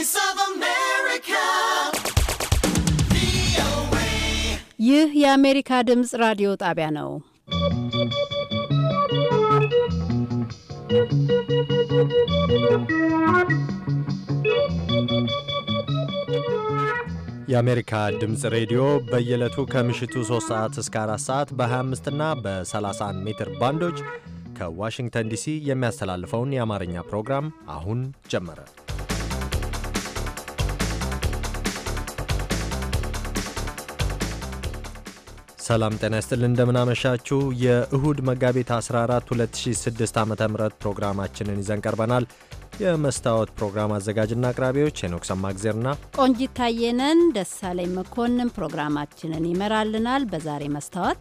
Voice of America. ይህ የአሜሪካ ድምፅ ራዲዮ ጣቢያ ነው። የአሜሪካ ድምፅ ሬዲዮ በየዕለቱ ከምሽቱ 3 ሰዓት እስከ 4 ሰዓት በ25 እና በ31 ሜትር ባንዶች ከዋሽንግተን ዲሲ የሚያስተላልፈውን የአማርኛ ፕሮግራም አሁን ጀመረ። ሰላም ጤና ይስጥል እንደምናመሻችሁ። የእሁድ መጋቢት 14 2006 ዓ ም ፕሮግራማችንን ይዘን ቀርበናል። የመስታወት ፕሮግራም አዘጋጅና አቅራቢዎች ሄኖክ ሰማግዜርና ቆንጂት ታየነን። ደሳለኝ መኮንን ፕሮግራማችንን ይመራልናል። በዛሬ መስታወት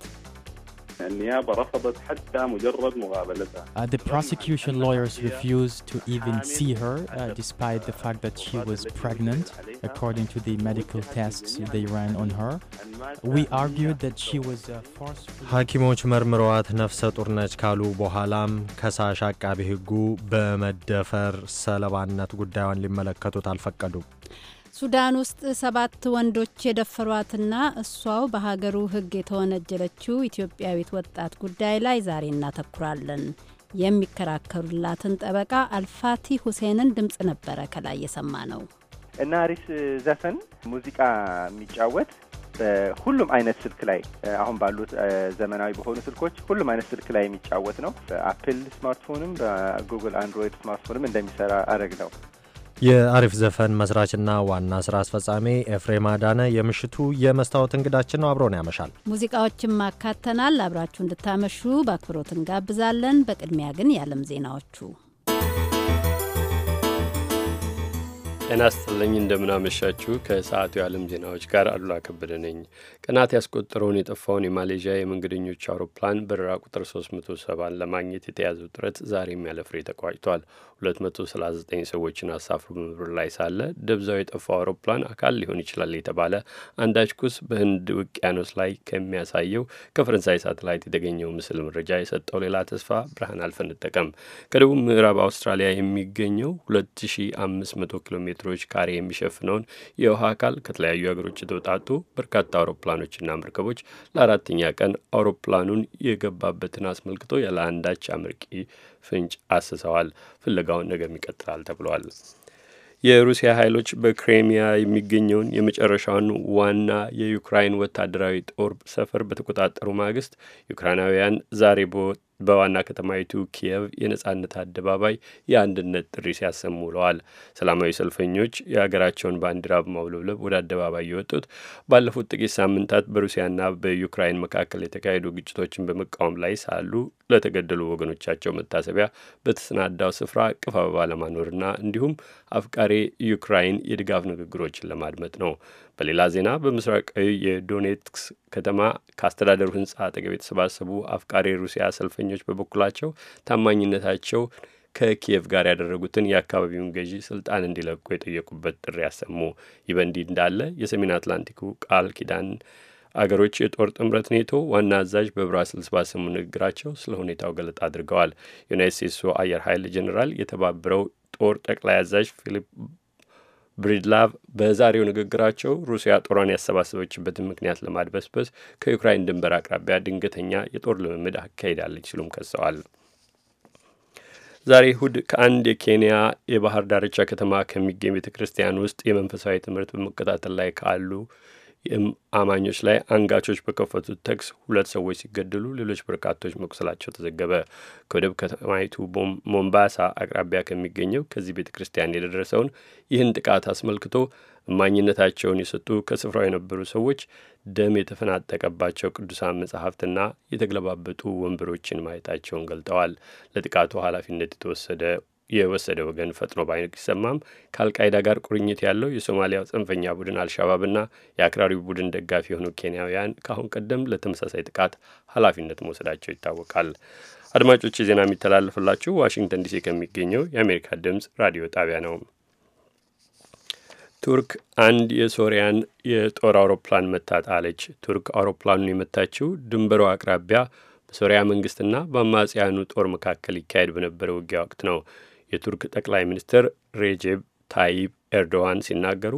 رفضت حتى مجرد مقابلتها. Uh, the prosecution lawyers refused to even see her uh, despite the fact that she was pregnant according to the medical tests they ran on her. We argued that she was uh, forcefully... ሐኪሞች መርምረዋት ነፍሰ ጡር ነች ካሉ በኋላም ከሳሽ አቃቢ ሕጉ በመደፈር ሰለባነት ጉዳዩን ሊመለከቱት አልፈቀዱም። ሱዳን ውስጥ ሰባት ወንዶች የደፈሯትና እሷው በሀገሩ ሕግ የተወነጀለችው ኢትዮጵያዊት ወጣት ጉዳይ ላይ ዛሬ እናተኩራለን። የሚከራከሩላትን ጠበቃ አልፋቲ ሁሴንን ድምፅ ነበረ ከላይ የሰማ ነው። እና አሪፍ ዘፈን ሙዚቃ የሚጫወት በሁሉም አይነት ስልክ ላይ አሁን ባሉት ዘመናዊ በሆኑ ስልኮች ሁሉም አይነት ስልክ ላይ የሚጫወት ነው። በአፕል ስማርትፎንም በጉግል አንድሮይድ ስማርትፎንም እንደሚሰራ አረግ ነው የአሪፍ ዘፈን መስራችና ዋና ስራ አስፈጻሚ ኤፍሬም አዳነ የምሽቱ የመስታወት እንግዳችን ነው። አብሮን ያመሻል። ሙዚቃዎችን ማካተናል። አብራችሁ እንድታመሹ በአክብሮት እንጋብዛለን። በቅድሚያ ግን የዓለም ዜናዎቹ ጤና ይስጥልኝ። እንደምናመሻችሁ ከሰዓቱ የዓለም ዜናዎች ጋር አሉላ ከበደ ነኝ። ቀናት ያስቆጠረውን የጠፋውን የማሌዥያ የመንገደኞች አውሮፕላን በረራ ቁጥር 307 ለማግኘት የተያዘው ጥረት ዛሬም ያለፍሬ ተቋጭቷል። 239 ሰዎችን አሳፍሮ በመብረር ላይ ሳለ ደብዛው የጠፋው አውሮፕላን አካል ሊሆን ይችላል የተባለ አንዳች ኩስ በህንድ ውቅያኖስ ላይ ከሚያሳየው ከፈረንሳይ ሳተላይት የተገኘው ምስል መረጃ የሰጠው ሌላ ተስፋ ብርሃን አልፈነጠቀም። ከደቡብ ምዕራብ አውስትራሊያ የሚገኘው 2500 ኪሎ ሜትሮች ካሬ የሚሸፍነውን የውሃ አካል ከተለያዩ ሀገሮች የተውጣጡ በርካታ አውሮፕላኖችና መርከቦች ለአራተኛ ቀን አውሮፕላኑን የገባበትን አስመልክቶ ያለ አንዳች አመርቂ ፍንጭ አስሰዋል። ፍለጋውን ነገም ይቀጥላል ተብሏል። የሩሲያ ኃይሎች በክሬሚያ የሚገኘውን የመጨረሻውን ዋና የዩክራይን ወታደራዊ ጦር ሰፈር በተቆጣጠሩ ማግስት ዩክራይናውያን ዛሬ በወጥ በዋና ከተማይቱ ኪየቭ የነጻነት አደባባይ የአንድነት ጥሪ ሲያሰሙ ውለዋል። ሰላማዊ ሰልፈኞች የሀገራቸውን ባንዲራ በማውለብለብ ወደ አደባባይ የወጡት ባለፉት ጥቂት ሳምንታት በሩሲያና በዩክራይን መካከል የተካሄዱ ግጭቶችን በመቃወም ላይ ሳሉ ለተገደሉ ወገኖቻቸው መታሰቢያ በተሰናዳው ስፍራ ቅፍ አበባ ለማኖርና እንዲሁም አፍቃሬ ዩክራይን የድጋፍ ንግግሮችን ለማድመጥ ነው። በሌላ ዜና በምስራቃዊ የዶኔትስክ ከተማ ከአስተዳደሩ ህንፃ አጠገብ የተሰባሰቡ አፍቃሪ ሩሲያ ሰልፈኞች በበኩላቸው ታማኝነታቸው ከኪየቭ ጋር ያደረጉትን የአካባቢውን ገዢ ስልጣን እንዲለቁ የጠየቁበት ጥሪ ያሰሙ። ይህ በእንዲህ እንዳለ የሰሜን አትላንቲኩ ቃል ኪዳን አገሮች የጦር ጥምረት ኔቶ ዋና አዛዥ በብራስልስ ባሰሙ ንግግራቸው ስለ ሁኔታው ገለጣ አድርገዋል። ዩናይት ስቴትሱ አየር ኃይል ጀኔራል የተባበረው ጦር ጠቅላይ አዛዥ ፊሊፕ ብሪድላቭ በዛሬው ንግግራቸው ሩሲያ ጦሯን ያሰባሰበችበትን ምክንያት ለማድበስበስ ከዩክራይን ድንበር አቅራቢያ ድንገተኛ የጦር ልምምድ አካሂዳለች ሲሉም ከሰዋል። ዛሬ እሁድ ከአንድ የኬንያ የባህር ዳርቻ ከተማ ከሚገኝ ቤተ ክርስቲያን ውስጥ የመንፈሳዊ ትምህርት በመከታተል ላይ ካሉ አማኞች ላይ አንጋቾች በከፈቱት ተኩስ ሁለት ሰዎች ሲገደሉ ሌሎች በርካቶች መቁሰላቸው ተዘገበ። ከወደብ ከተማይቱ ሞምባሳ አቅራቢያ ከሚገኘው ከዚህ ቤተ ክርስቲያን የደረሰውን ይህን ጥቃት አስመልክቶ እማኝነታቸውን የሰጡ ከስፍራው የነበሩ ሰዎች ደም የተፈናጠቀባቸው ቅዱሳን መጽሐፍትና የተገለባበጡ ወንበሮችን ማየታቸውን ገልጠዋል። ለጥቃቱ ኃላፊነት የተወሰደ የወሰደ ወገን ፈጥኖ ባይንቅ ሲሰማም ከአልቃይዳ ጋር ቁርኝት ያለው የሶማሊያው ጽንፈኛ ቡድን አልሻባብና የአክራሪው ቡድን ደጋፊ የሆኑ ኬንያውያን ከአሁን ቀደም ለተመሳሳይ ጥቃት ኃላፊነት መውሰዳቸው ይታወቃል። አድማጮች ዜና የሚተላለፍላችሁ ዋሽንግተን ዲሲ ከሚገኘው የአሜሪካ ድምፅ ራዲዮ ጣቢያ ነው። ቱርክ አንድ የሶሪያን የጦር አውሮፕላን መታጣለች። ቱርክ አውሮፕላኑን የመታችው ድንበሩ አቅራቢያ በሶሪያ መንግስትና በአማጽያኑ ጦር መካከል ይካሄድ በነበረ ውጊያ ወቅት ነው። የቱርክ ጠቅላይ ሚኒስትር ሬጀብ ታይብ ኤርዶዋን ሲናገሩ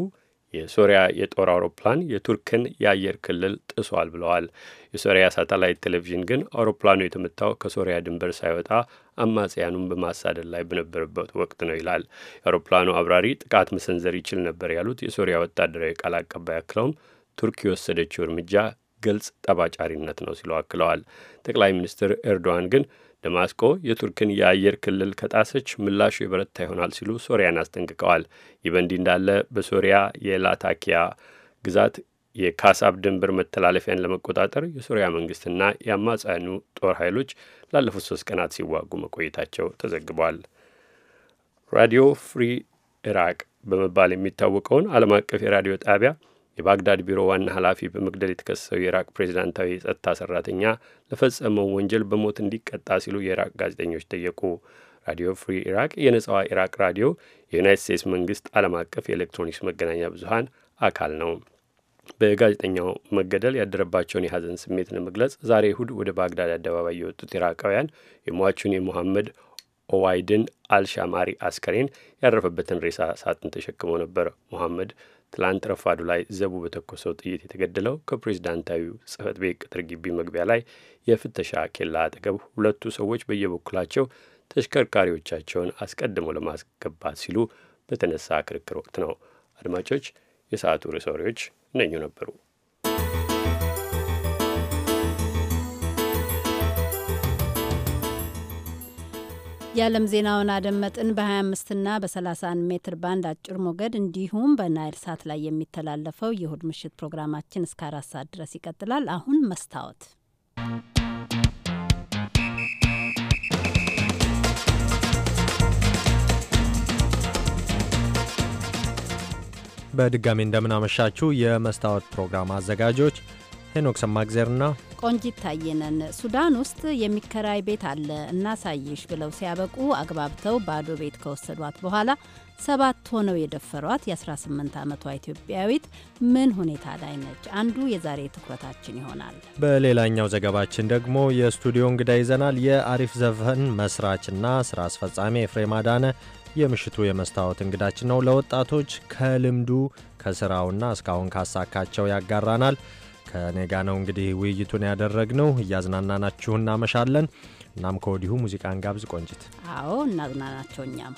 የሶሪያ የጦር አውሮፕላን የቱርክን የአየር ክልል ጥሷል ብለዋል። የሶሪያ ሳተላይት ቴሌቪዥን ግን አውሮፕላኑ የተመታው ከሶሪያ ድንበር ሳይወጣ አማጽያኑን በማሳደድ ላይ በነበረበት ወቅት ነው ይላል። የአውሮፕላኑ አብራሪ ጥቃት መሰንዘር ይችል ነበር ያሉት የሶሪያ ወታደራዊ ቃል አቀባይ አክለውም ቱርክ የወሰደችው እርምጃ ግልጽ ጠባጫሪነት ነው ሲሉ አክለዋል። ጠቅላይ ሚኒስትር ኤርዶዋን ግን ደማስቆ የቱርክን የአየር ክልል ከጣሰች ምላሹ የበረታ ይሆናል ሲሉ ሶሪያን አስጠንቅቀዋል። ይህ በእንዲህ እንዳለ በሶሪያ የላታኪያ ግዛት የካሳብ ድንበር መተላለፊያን ለመቆጣጠር የሶሪያ መንግስትና የአማጽያኑ ጦር ኃይሎች ላለፉት ሶስት ቀናት ሲዋጉ መቆየታቸው ተዘግቧል። ራዲዮ ፍሪ ኢራቅ በመባል የሚታወቀውን ዓለም አቀፍ የራዲዮ ጣቢያ የባግዳድ ቢሮ ዋና ኃላፊ በመግደል የተከሰሰው የኢራቅ ፕሬዚዳንታዊ የጸጥታ ሰራተኛ ለፈጸመው ወንጀል በሞት እንዲቀጣ ሲሉ የኢራቅ ጋዜጠኞች ጠየቁ። ራዲዮ ፍሪ ኢራቅ የነጻዋ ኢራቅ ራዲዮ የዩናይት ስቴትስ መንግስት ዓለም አቀፍ የኤሌክትሮኒክስ መገናኛ ብዙሀን አካል ነው። በጋዜጠኛው መገደል ያደረባቸውን የሀዘን ስሜት ለመግለጽ ዛሬ እሁድ ወደ ባግዳድ አደባባይ የወጡት ኢራቃውያን የሟቹን የሙሐመድ ኦዋይድን አልሻማሪ አስከሬን ያረፈበትን ሬሳ ሳጥን ተሸክመው ነበር። ሙሐመድ ትላንት ረፋዱ ላይ ዘቡ በተኮሰው ጥይት የተገደለው ከፕሬዝዳንታዊው ጽህፈት ቤት ቅጥር ግቢ መግቢያ ላይ የፍተሻ ኬላ አጠገብ ሁለቱ ሰዎች በየበኩላቸው ተሽከርካሪዎቻቸውን አስቀድመው ለማስገባት ሲሉ በተነሳ ክርክር ወቅት ነው። አድማጮች፣ የሰዓቱ ርዕሰ ወሬዎች እነኙ ነበሩ። የዓለም ዜናውን አደመጥን። በ25ና በ31 ሜትር ባንድ አጭር ሞገድ እንዲሁም በናይል ሳት ላይ የሚተላለፈው የእሁድ ምሽት ፕሮግራማችን እስከ አራት ሰዓት ድረስ ይቀጥላል። አሁን መስታወት በድጋሚ እንደምናመሻችሁ የመስታወት ፕሮግራም አዘጋጆች ሄኖክ ሰማግዜርና ቆንጂት ታየነን ሱዳን ውስጥ የሚከራይ ቤት አለ እናሳይሽ ብለው ሲያበቁ አግባብተው ባዶ ቤት ከወሰዷት በኋላ ሰባት ሆነው የደፈሯት የ18 ዓመቷ ኢትዮጵያዊት ምን ሁኔታ ላይ ነች? አንዱ የዛሬ ትኩረታችን ይሆናል። በሌላኛው ዘገባችን ደግሞ የስቱዲዮ እንግዳ ይዘናል። የአሪፍ ዘፈን መስራችና ስራ አስፈጻሚ ኤፍሬም አዳነ የምሽቱ የመስታወት እንግዳችን ነው። ለወጣቶች ከልምዱ ከስራውና እስካሁን ካሳካቸው ያጋራናል። ከእኔ ጋ ነው እንግዲህ ውይይቱን ያደረግነው። እያዝናናናችሁ እናመሻለን። እናም ከወዲሁ ሙዚቃን ጋብዝ ቆንጂት። አዎ እናዝናናቸው እኛም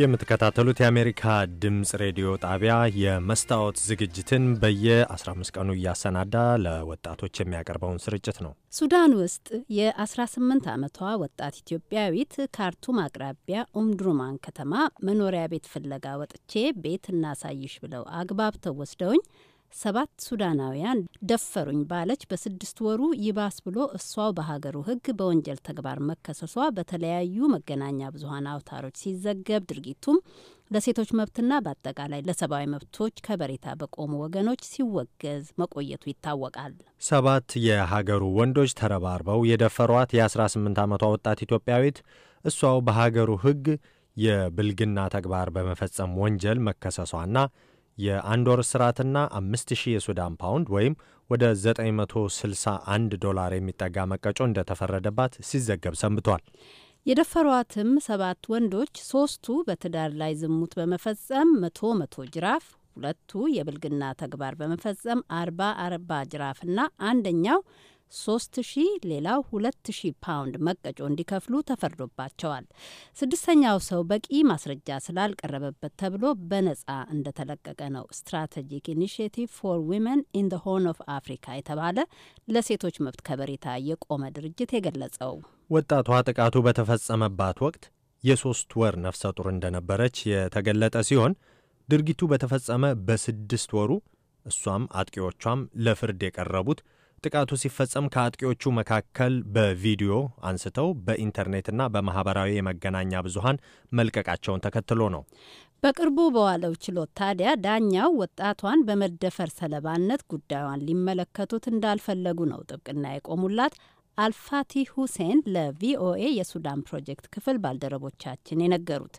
የምትከታተሉት የአሜሪካ ድምፅ ሬዲዮ ጣቢያ የመስታወት ዝግጅትን በየ15 ቀኑ እያሰናዳ ለወጣቶች የሚያቀርበውን ስርጭት ነው። ሱዳን ውስጥ የ18 ዓመቷ ወጣት ኢትዮጵያዊት ካርቱም አቅራቢያ ኡምድሩማን ከተማ መኖሪያ ቤት ፍለጋ ወጥቼ ቤት እናሳይሽ ብለው አግባብተው ወስደውኝ ሰባት ሱዳናውያን ደፈሩኝ ባለች በስድስት ወሩ ይባስ ብሎ እሷው በሀገሩ ሕግ በወንጀል ተግባር መከሰሷ በተለያዩ መገናኛ ብዙሀን አውታሮች ሲዘገብ ድርጊቱም ለሴቶች መብትና በአጠቃላይ ለሰብአዊ መብቶች ከበሬታ በቆሙ ወገኖች ሲወገዝ መቆየቱ ይታወቃል። ሰባት የሀገሩ ወንዶች ተረባርበው የደፈሯት የ18 ዓመቷ ወጣት ኢትዮጵያዊት እሷው በሀገሩ ሕግ የብልግና ተግባር በመፈጸም ወንጀል መከሰሷና የአንድ ወር እስራትና 5000 የሱዳን ፓውንድ ወይም ወደ 961 ዶላር የሚጠጋ መቀጮ እንደተፈረደባት ሲዘገብ ሰንብቷል። የደፈሯትም ሰባት ወንዶች ሶስቱ በትዳር ላይ ዝሙት በመፈጸም መቶ መቶ ጅራፍ፣ ሁለቱ የብልግና ተግባር በመፈጸም አርባ አርባ ጅራፍና አንደኛው ሶስት ሺህ ሌላው ሁለት ሺህ ፓውንድ መቀጮ እንዲከፍሉ ተፈርዶባቸዋል። ስድስተኛው ሰው በቂ ማስረጃ ስላልቀረበበት ተብሎ በነጻ እንደተለቀቀ ነው። ስትራቴጂክ ኢኒሽቲቭ ፎር ዊመን ኢን ዘ ሆርን ኦፍ አፍሪካ የተባለ ለሴቶች መብት ከበሬታ የቆመ ድርጅት የገለጸው ወጣቷ ጥቃቱ በተፈጸመባት ወቅት የሶስት ወር ነፍሰ ጡር እንደነበረች የተገለጠ ሲሆን ድርጊቱ በተፈጸመ በስድስት ወሩ እሷም አጥቂዎቿም ለፍርድ የቀረቡት ጥቃቱ ሲፈጸም ከአጥቂዎቹ መካከል በቪዲዮ አንስተው በኢንተርኔትና በማህበራዊ የመገናኛ ብዙሃን መልቀቃቸውን ተከትሎ ነው። በቅርቡ በዋለው ችሎት ታዲያ ዳኛው ወጣቷን በመደፈር ሰለባነት ጉዳዩን ሊመለከቱት እንዳልፈለጉ ነው ጥብቅና የቆሙላት አልፋቲ ሁሴን ለቪኦኤ የሱዳን ፕሮጀክት ክፍል ባልደረቦቻችን የነገሩት።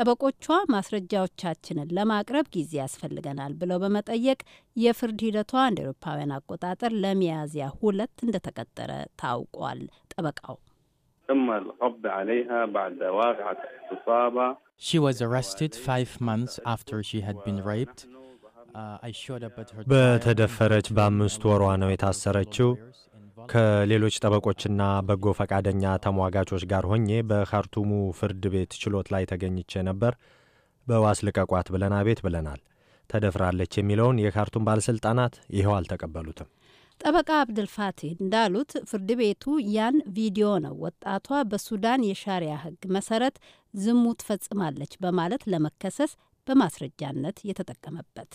ጠበቆቿ ማስረጃዎቻችንን ለማቅረብ ጊዜ ያስፈልገናል ብለው በመጠየቅ የፍርድ ሂደቷ እንደ ኤሮፓውያን አቆጣጠር ለሚያዝያ ሁለት እንደተቀጠረ ታውቋል። ጠበቃው uh, በተደፈረች በአምስት ወሯ ነው የታሰረችው። ከሌሎች ጠበቆችና በጎ ፈቃደኛ ተሟጋቾች ጋር ሆኜ በካርቱሙ ፍርድ ቤት ችሎት ላይ ተገኝቼ ነበር። በዋስ ልቀቋት ብለን አቤት ብለናል። ተደፍራለች የሚለውን የካርቱም ባለሥልጣናት ይኸው አልተቀበሉትም። ጠበቃ አብድልፋቲህ እንዳሉት ፍርድ ቤቱ ያን ቪዲዮ ነው ወጣቷ በሱዳን የሻሪያ ሕግ መሰረት ዝሙት ፈጽማለች በማለት ለመከሰስ በማስረጃነት የተጠቀመበት።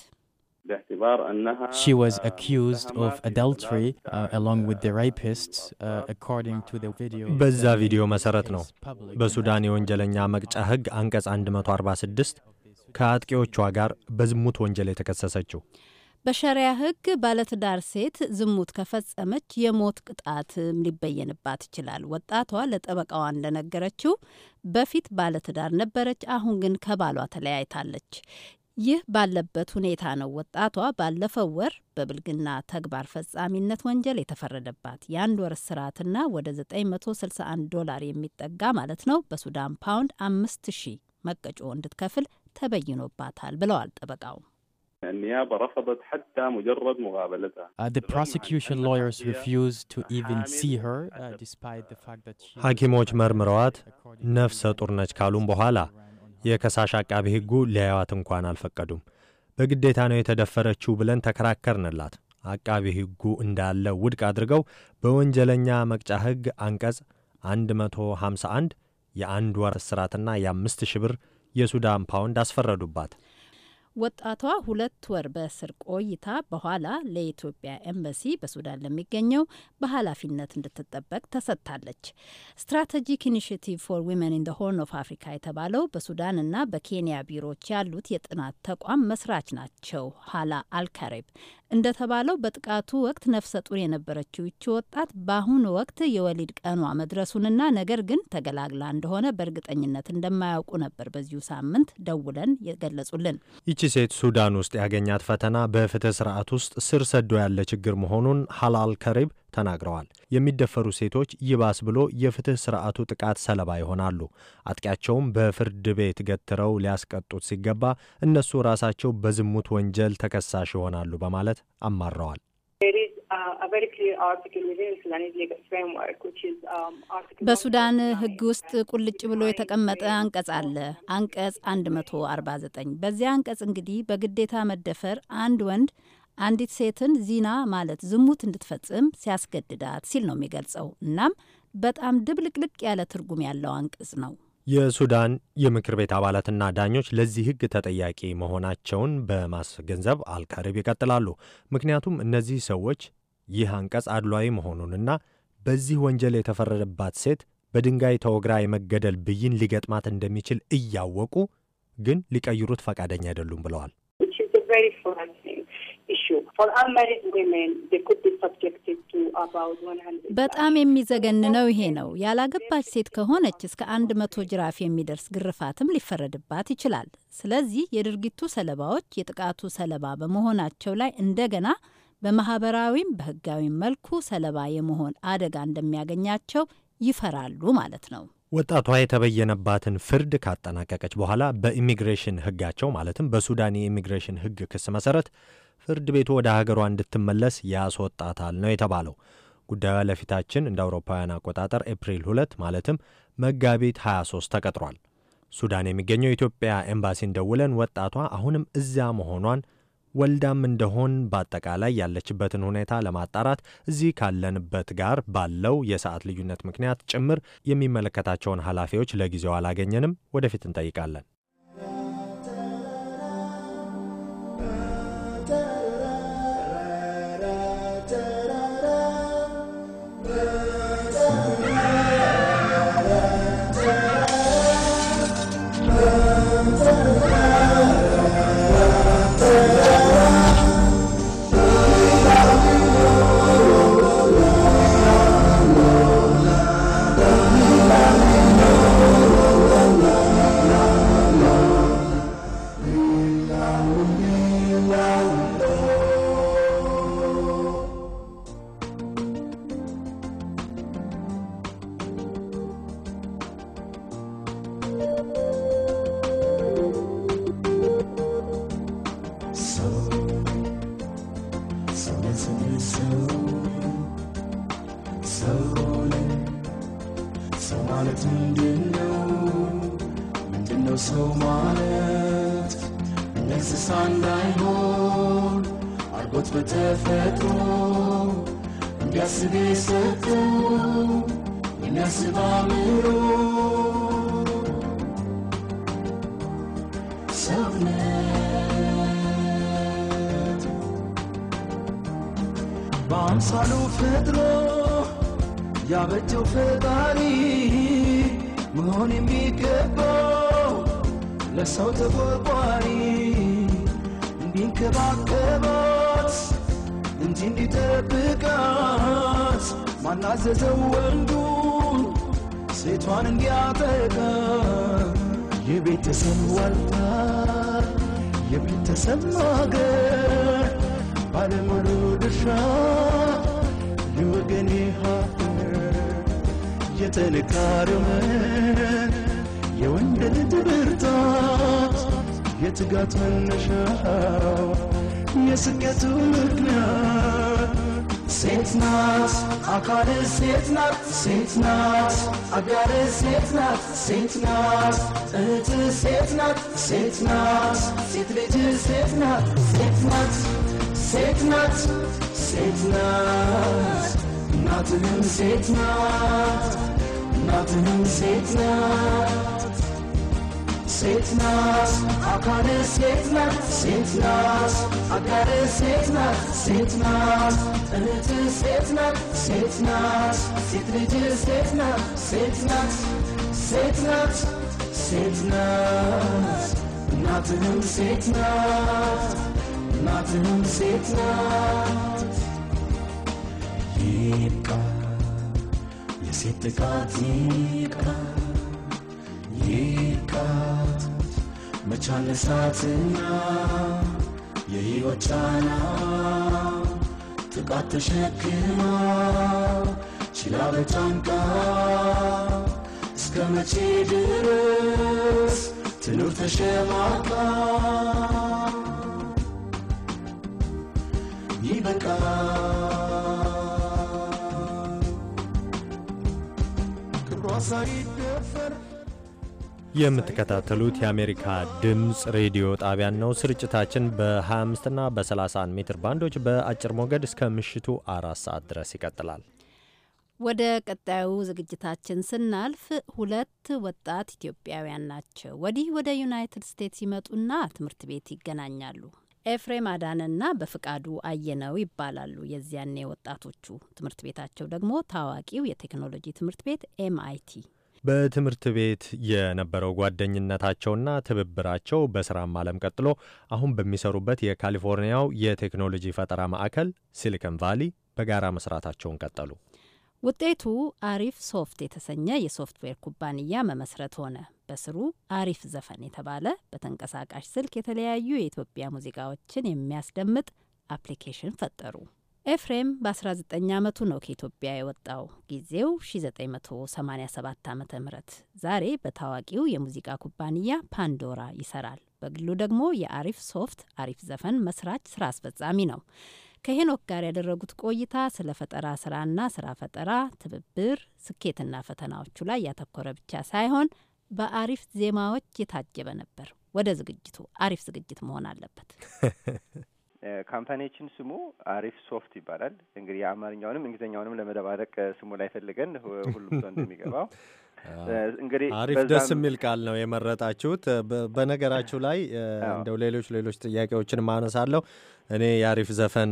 She was accused of adultery uh, along with the rapists, uh, according to the video. በዛ ቪዲዮ መሰረት ነው በሱዳን የወንጀለኛ መቅጫ ሕግ አንቀጽ 146 ከአጥቂዎቿ ጋር በዝሙት ወንጀል የተከሰሰችው። በሸሪያ ሕግ ባለትዳር ሴት ዝሙት ከፈጸመች የሞት ቅጣት ሊበየንባት ይችላል። ወጣቷ ለጠበቃዋ እንደነገረችው በፊት ባለትዳር ነበረች፣ አሁን ግን ከባሏ ተለያይታለች። ይህ ባለበት ሁኔታ ነው ወጣቷ ባለፈው ወር በብልግና ተግባር ፈጻሚነት ወንጀል የተፈረደባት የአንድ ወር እስራትና ወደ 961 ዶላር የሚጠጋ ማለት ነው በሱዳን ፓውንድ 5000 መቀጮ እንድትከፍል ተበይኖባታል ብለዋል ጠበቃው። uh, The prosecution lawyers refused to even see her, uh, despite the fact that she. ሐኪሞች መርምረዋት ነፍሰ ጡር ነች ካሉም በኋላ የከሳሽ አቃቢ ሕጉ ሊያዩዋት እንኳን አልፈቀዱም። በግዴታ ነው የተደፈረችው ብለን ተከራከርንላት። አቃቢ ሕጉ እንዳለ ውድቅ አድርገው በወንጀለኛ መቅጫ ሕግ አንቀጽ 151 የአንድ ወር እስራትና የአምስት ሺህ ብር የሱዳን ፓውንድ አስፈረዱባት። ወጣቷ ሁለት ወር በእስር ቆይታ በኋላ ለኢትዮጵያ ኤምባሲ በሱዳን ለሚገኘው በኃላፊነት እንድትጠበቅ ተሰጥታለች። ስትራቴጂክ ኢኒሽቲቭ ፎር ዊመን ኢን ሆርን ኦፍ አፍሪካ የተባለው በሱዳንና በኬንያ ቢሮዎች ያሉት የጥናት ተቋም መስራች ናቸው። ሀላ አልካሬብ እንደተባለው በጥቃቱ ወቅት ነፍሰ ጡር የነበረችው ይቺ ወጣት በአሁኑ ወቅት የወሊድ ቀኗ መድረሱንና ነገር ግን ተገላግላ እንደሆነ በእርግጠኝነት እንደማያውቁ ነበር በዚሁ ሳምንት ደውለን የገለጹልን። ይቺ ሴት ሱዳን ውስጥ ያገኛት ፈተና በፍትህ ስርዓት ውስጥ ስር ሰዶ ያለ ችግር መሆኑን ሀላል ከሪብ ተናግረዋል። የሚደፈሩ ሴቶች ይባስ ብሎ የፍትህ ስርዓቱ ጥቃት ሰለባ ይሆናሉ። አጥቂያቸውም በፍርድ ቤት ገትረው ሊያስቀጡት ሲገባ እነሱ ራሳቸው በዝሙት ወንጀል ተከሳሽ ይሆናሉ በማለት አማረዋል። uh, um, በሱዳን ሕግ ውስጥ ቁልጭ ብሎ የተቀመጠ አንቀጽ አለ። አንቀጽ 149 በዚያ አንቀጽ እንግዲህ በግዴታ መደፈር አንድ ወንድ አንዲት ሴትን ዚና ማለት ዝሙት እንድትፈጽም ሲያስገድዳት ሲል ነው የሚገልጸው። እናም በጣም ድብልቅልቅ ያለ ትርጉም ያለው አንቀጽ ነው። የሱዳን የምክር ቤት አባላትና ዳኞች ለዚህ ሕግ ተጠያቂ መሆናቸውን በማስገንዘብ አልካሪብ ይቀጥላሉ። ምክንያቱም እነዚህ ሰዎች ይህ አንቀጽ አድሏዊ መሆኑንና በዚህ ወንጀል የተፈረደባት ሴት በድንጋይ ተወግራ የመገደል ብይን ሊገጥማት እንደሚችል እያወቁ ግን ሊቀይሩት ፈቃደኛ አይደሉም ብለዋል። issue. For unmarried women, they could be subjected to about በጣም የሚዘገንነው ይሄ ነው። ያላገባች ሴት ከሆነች እስከ አንድ መቶ ጅራፍ የሚደርስ ግርፋትም ሊፈረድባት ይችላል። ስለዚህ የድርጊቱ ሰለባዎች የጥቃቱ ሰለባ በመሆናቸው ላይ እንደገና በማህበራዊም በህጋዊም መልኩ ሰለባ የመሆን አደጋ እንደሚያገኛቸው ይፈራሉ ማለት ነው። ወጣቷ የተበየነባትን ፍርድ ካጠናቀቀች በኋላ በኢሚግሬሽን ህጋቸው ማለትም በሱዳን የኢሚግሬሽን ህግ ክስ መሰረት ፍርድ ቤቱ ወደ ሀገሯ እንድትመለስ ያስወጣታል ነው የተባለው። ጉዳዩ ለፊታችን እንደ አውሮፓውያን አቆጣጠር ኤፕሪል 2 ማለትም መጋቢት 23 ተቀጥሯል። ሱዳን የሚገኘው የኢትዮጵያ ኤምባሲን ደውለን ወጣቷ አሁንም እዚያ መሆኗን ወልዳም እንደሆን በአጠቃላይ ያለችበትን ሁኔታ ለማጣራት እዚህ ካለንበት ጋር ባለው የሰዓት ልዩነት ምክንያት ጭምር የሚመለከታቸውን ኃላፊዎች ለጊዜው አላገኘንም። ወደፊት እንጠይቃለን። not, I gotta say it's not, say it's not, it's not, say it's not, say it's not, say it's not, say it's not, say it's not, six knots. I caught it six knots, six knots. I got it six knots, six knots. And it is six knots, six knots. It is six knots, six knots, six knots, six knots. Nottingham six knots, Nottingham six knots. يبقى لست قد يبقى يبقى መቻል እሳትና የሕይወት ጫና ጥቃት ተሸክማ ችላ በጫንቃ እስከ መቼ ድረስ ትኑር ተሸማቃ ይበቃ ክብሯ ሳይደፈር የምትከታተሉት የአሜሪካ ድምፅ ሬዲዮ ጣቢያን ነው። ስርጭታችን በ25 እና በ31 ሜትር ባንዶች በአጭር ሞገድ እስከ ምሽቱ አራት ሰዓት ድረስ ይቀጥላል። ወደ ቀጣዩ ዝግጅታችን ስናልፍ ሁለት ወጣት ኢትዮጵያውያን ናቸው። ወዲህ ወደ ዩናይትድ ስቴትስ ይመጡና ትምህርት ቤት ይገናኛሉ። ኤፍሬም አዳንና በፍቃዱ አየነው ይባላሉ የዚያኔ ወጣቶቹ። ትምህርት ቤታቸው ደግሞ ታዋቂው የቴክኖሎጂ ትምህርት ቤት ኤምአይቲ በትምህርት ቤት የነበረው ጓደኝነታቸውና ትብብራቸው በስራም ዓለም ቀጥሎ አሁን በሚሰሩበት የካሊፎርኒያው የቴክኖሎጂ ፈጠራ ማዕከል ሲሊከን ቫሊ በጋራ መስራታቸውን ቀጠሉ። ውጤቱ አሪፍ ሶፍት የተሰኘ የሶፍትዌር ኩባንያ መመስረት ሆነ። በስሩ አሪፍ ዘፈን የተባለ በተንቀሳቃሽ ስልክ የተለያዩ የኢትዮጵያ ሙዚቃዎችን የሚያስደምጥ አፕሊኬሽን ፈጠሩ። ኤፍሬም በ19 ዓመቱ ነው ከኢትዮጵያ የወጣው። ጊዜው 1987 ዓ ም ዛሬ በታዋቂው የሙዚቃ ኩባንያ ፓንዶራ ይሰራል። በግሉ ደግሞ የአሪፍ ሶፍት አሪፍ ዘፈን መስራች ስራ አስፈጻሚ ነው። ከሄኖክ ጋር ያደረጉት ቆይታ ስለ ፈጠራ ስራና ስራ ፈጠራ፣ ትብብር፣ ስኬትና ፈተናዎቹ ላይ ያተኮረ ብቻ ሳይሆን በአሪፍ ዜማዎች የታጀበ ነበር። ወደ ዝግጅቱ አሪፍ ዝግጅት መሆን አለበት። ካምፓኒያችን ስሙ አሪፍ ሶፍት ይባላል። እንግዲህ የአማርኛውንም እንግሊዝኛውንም ለመደባረቅ ስሙ ላይ ፈልገን ሁሉም ሰው እንደሚገባው እንግዲህ አሪፍ ደስ የሚል ቃል ነው የመረጣችሁት። በነገራችሁ ላይ እንደው ሌሎች ሌሎች ጥያቄዎችን ማነሳለሁ እኔ የአሪፍ ዘፈን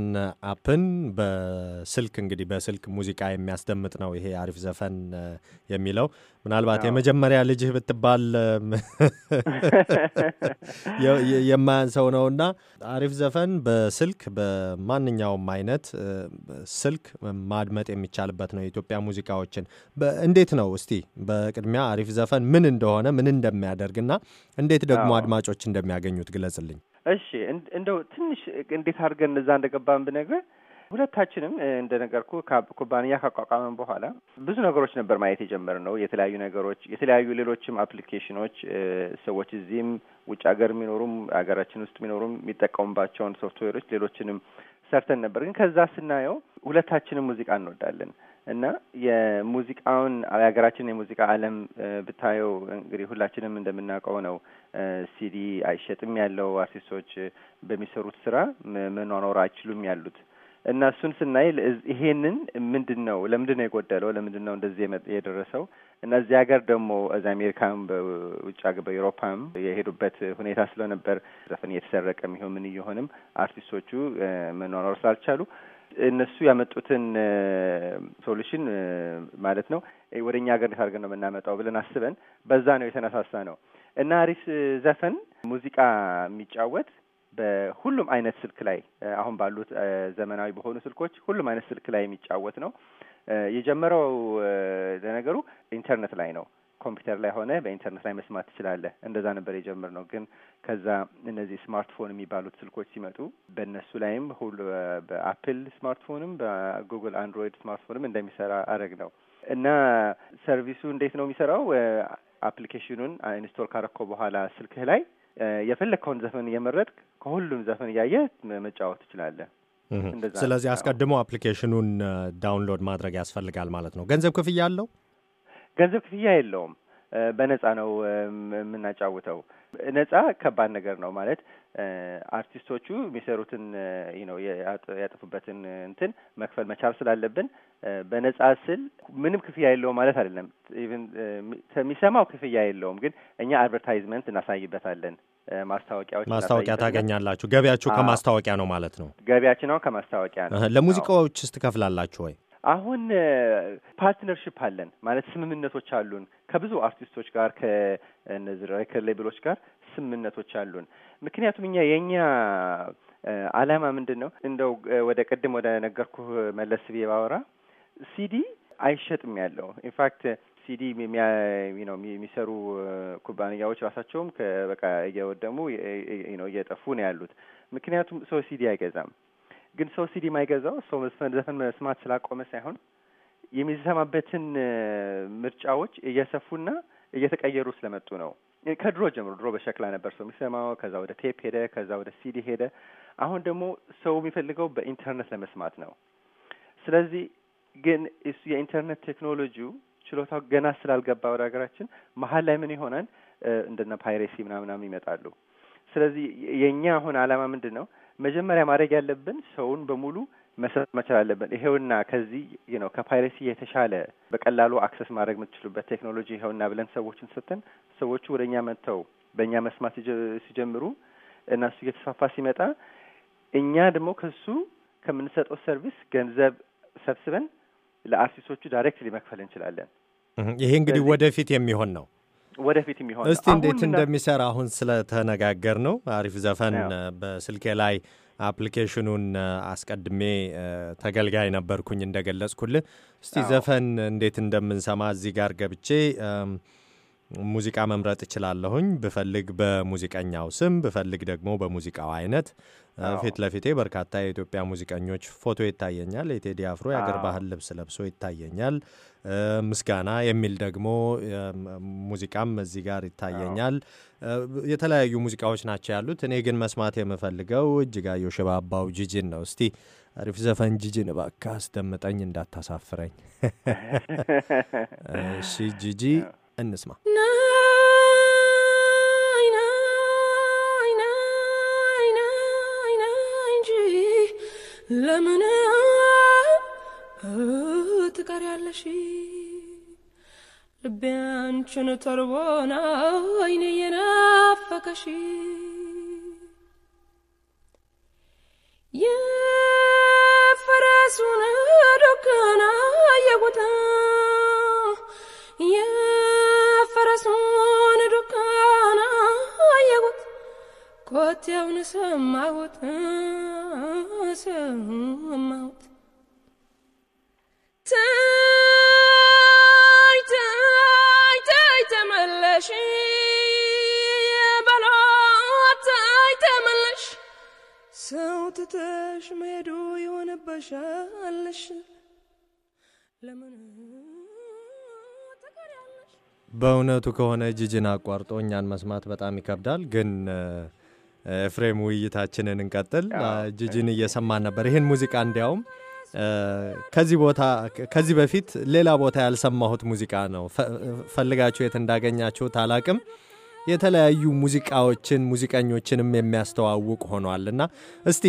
አፕን በስልክ እንግዲህ በስልክ ሙዚቃ የሚያስደምጥ ነው ይሄ የአሪፍ ዘፈን የሚለው። ምናልባት የመጀመሪያ ልጅህ ብትባል የማያንሰው እና አሪፍ ዘፈን በስልክ በማንኛውም አይነት ስልክ ማድመጥ የሚቻልበት ነው። የኢትዮጵያ ሙዚቃዎችን እንዴት ነው እስቲ በቅድሚያ አሪፍ ዘፈን ምን እንደሆነ ምን እንደሚያደርግና እንዴት ደግሞ አድማጮች እንደሚያገኙት ግለጽልኝ። እሺ እንደው ትንሽ እንዴት አድርገን እዛ እንደገባን ብነግርህ ሁለታችንም እንደነገርኩ ኩባንያ ካቋቋመን በኋላ ብዙ ነገሮች ነበር ማየት የጀመርነው። የተለያዩ ነገሮች የተለያዩ ሌሎችም አፕሊኬሽኖች ሰዎች እዚህም ውጭ ሀገር የሚኖሩም ሀገራችን ውስጥ የሚኖሩም የሚጠቀሙባቸውን ሶፍትዌሮች ሌሎችንም ሰርተን ነበር። ግን ከዛ ስናየው ሁለታችንም ሙዚቃ እንወዳለን። እና የሙዚቃውን የሀገራችን የሙዚቃ ዓለም ብታየው እንግዲህ ሁላችንም እንደምናውቀው ነው። ሲዲ አይሸጥም ያለው አርቲስቶች በሚሰሩት ስራ መኗኖር አይችሉም ያሉት እና እሱን ስናይ ይሄንን ምንድን ነው ለምንድን ነው የጎደለው? ለምንድን ነው እንደዚህ የደረሰው? እና እዚህ ሀገር ደግሞ እዚ አሜሪካም በውጭ ሀገር በኤሮፓም የሄዱበት ሁኔታ ስለነበር ዘፈን እየተሰረቀ የሚሆን ምን እየሆንም አርቲስቶቹ መኗኖር ስላልቻሉ እነሱ ያመጡትን ሶሉሽን ማለት ነው ወደ እኛ ሀገር አድርገን ነው የምናመጣው ብለን አስበን በዛ ነው የተነሳሳ ነው እና አሪፍ ዘፈን ሙዚቃ የሚጫወት በሁሉም አይነት ስልክ ላይ አሁን ባሉት ዘመናዊ በሆኑ ስልኮች ሁሉም አይነት ስልክ ላይ የሚጫወት ነው። የጀመረው ለነገሩ ኢንተርኔት ላይ ነው። ኮምፒውተር ላይ ሆነ በኢንተርኔት ላይ መስማት ትችላለህ። እንደዛ ነበር የጀመርነው። ግን ከዛ እነዚህ ስማርትፎን የሚባሉት ስልኮች ሲመጡ በእነሱ ላይም ሁሉ በአፕል ስማርትፎንም በጉግል አንድሮይድ ስማርትፎንም እንደሚሰራ አረግ ነው እና ሰርቪሱ እንዴት ነው የሚሰራው? አፕሊኬሽኑን ኢንስቶል ካረኮ በኋላ ስልክህ ላይ የፈለግከውን ዘፈን እየመረጥክ ከሁሉም ዘፈን እያየ መጫወት ትችላለህ። ስለዚህ አስቀድሞ አፕሊኬሽኑን ዳውንሎድ ማድረግ ያስፈልጋል ማለት ነው። ገንዘብ ክፍያ አለው? ገንዘብ ክፍያ የለውም። በነጻ ነው የምናጫውተው። ነጻ ከባድ ነገር ነው ማለት አርቲስቶቹ የሚሰሩትን ነው ያጥፉበትን እንትን መክፈል መቻል ስላለብን በነጻ ስል ምንም ክፍያ የለውም ማለት አይደለም። ኢቭን የሚሰማው ክፍያ የለውም፣ ግን እኛ አድቨርታይዝመንት እናሳይበታለን። ማስታወቂያዎች ማስታወቂያ ታገኛላችሁ። ገቢያችሁ ከማስታወቂያ ነው ማለት ነው። ገቢያችን አሁን ከማስታወቂያ ነው። ለሙዚቃዎች ስትከፍላላችሁ ወይ? አሁን ፓርትነርሽፕ አለን ማለት ስምምነቶች አሉን ከብዙ አርቲስቶች ጋር ከእነዚህ ሬከርድ ሌብሎች ጋር ስምምነቶች አሉን። ምክንያቱም እኛ የእኛ አላማ ምንድን ነው? እንደው ወደ ቅድም ወደ ነገርኩ መለስ ብዬ ባወራ ሲዲ አይሸጥም ያለው ኢንፋክት ሲዲ ነው የሚሰሩ ኩባንያዎች ራሳቸውም በቃ እየወደሙ ነው እየጠፉ ነው ያሉት። ምክንያቱም ሰው ሲዲ አይገዛም። ግን ሰው ሲዲ የማይገዛው ሰው ዘፈን መስማት ስላቆመ ሳይሆን የሚሰማበትን ምርጫዎች እየሰፉና እየተቀየሩ ስለመጡ ነው። ከድሮ ጀምሮ ድሮ በሸክላ ነበር ሰው የሚሰማው። ከዛ ወደ ቴፕ ሄደ። ከዛ ወደ ሲዲ ሄደ። አሁን ደግሞ ሰው የሚፈልገው በኢንተርኔት ለመስማት ነው። ስለዚህ ግን እሱ የኢንተርኔት ቴክኖሎጂው ችሎታው ገና ስላልገባ ወደ ሀገራችን መሀል ላይ ምን ይሆናል እንደነ ፓይሬሲ ምናምናም ይመጣሉ። ስለዚህ የእኛ አሁን አላማ ምንድን ነው? መጀመሪያ ማድረግ ያለብን ሰውን በሙሉ መሰረት መቻል አለብን። ይሄውና ከዚህ ነው ከፓይረሲ የተሻለ በቀላሉ አክሰስ ማድረግ የምትችሉበት ቴክኖሎጂ ይሄውና ብለን ሰዎችን ስትን ሰዎቹ ወደ እኛ መጥተው በእኛ መስማት ሲጀምሩ እና እሱ እየተስፋፋ ሲመጣ እኛ ደግሞ ከሱ ከምንሰጠው ሰርቪስ ገንዘብ ሰብስበን ለአርቲስቶቹ ዳይሬክት ሊመክፈል እንችላለን። ይሄ እንግዲህ ወደፊት የሚሆን ነው። ወደፊት የሚሆን እስቲ እንዴት እንደሚሰራ አሁን ስለተነጋገር ነው። አሪፍ ዘፈን በስልኬ ላይ አፕሊኬሽኑን አስቀድሜ ተገልጋይ ነበርኩኝ እንደገለጽኩልህ። እስቲ ዘፈን እንዴት እንደምንሰማ እዚህ ጋር ገብቼ ሙዚቃ መምረጥ እችላለሁኝ። ብፈልግ በሙዚቀኛው ስም፣ ብፈልግ ደግሞ በሙዚቃው አይነት። ፊት ለፊቴ በርካታ የኢትዮጵያ ሙዚቀኞች ፎቶ ይታየኛል። የቴዲ አፍሮ የአገር ባህል ልብስ ለብሶ ይታየኛል። ምስጋና የሚል ደግሞ ሙዚቃም እዚህ ጋር ይታየኛል። የተለያዩ ሙዚቃዎች ናቸው ያሉት። እኔ ግን መስማት የምፈልገው እጅጋየሁ ሽባባው ጅጅን ነው። እስቲ አሪፍ ዘፈን ጂጂን እባክህ አስደምጠኝ፣ እንዳታሳፍረኝ። እሺ ጂጂ انسمع ለምን ትቀሪያለሽ ልቤ አንቺን ተርቦና አይኔ የናፈቀሽ እውነቱ ከሆነ ጅጅን አቋርጦ እኛን መስማት በጣም ይከብዳል። ግን ኤፍሬም ውይይታችንን እንቀጥል። ጅጅን እየሰማን ነበር። ይህን ሙዚቃ እንዲያውም ከዚህ ቦታ ከዚህ በፊት ሌላ ቦታ ያልሰማሁት ሙዚቃ ነው። ፈልጋችሁ የት እንዳገኛችሁት አላቅም። የተለያዩ ሙዚቃዎችን ሙዚቀኞችንም የሚያስተዋውቅ ሆኗል እና እስቲ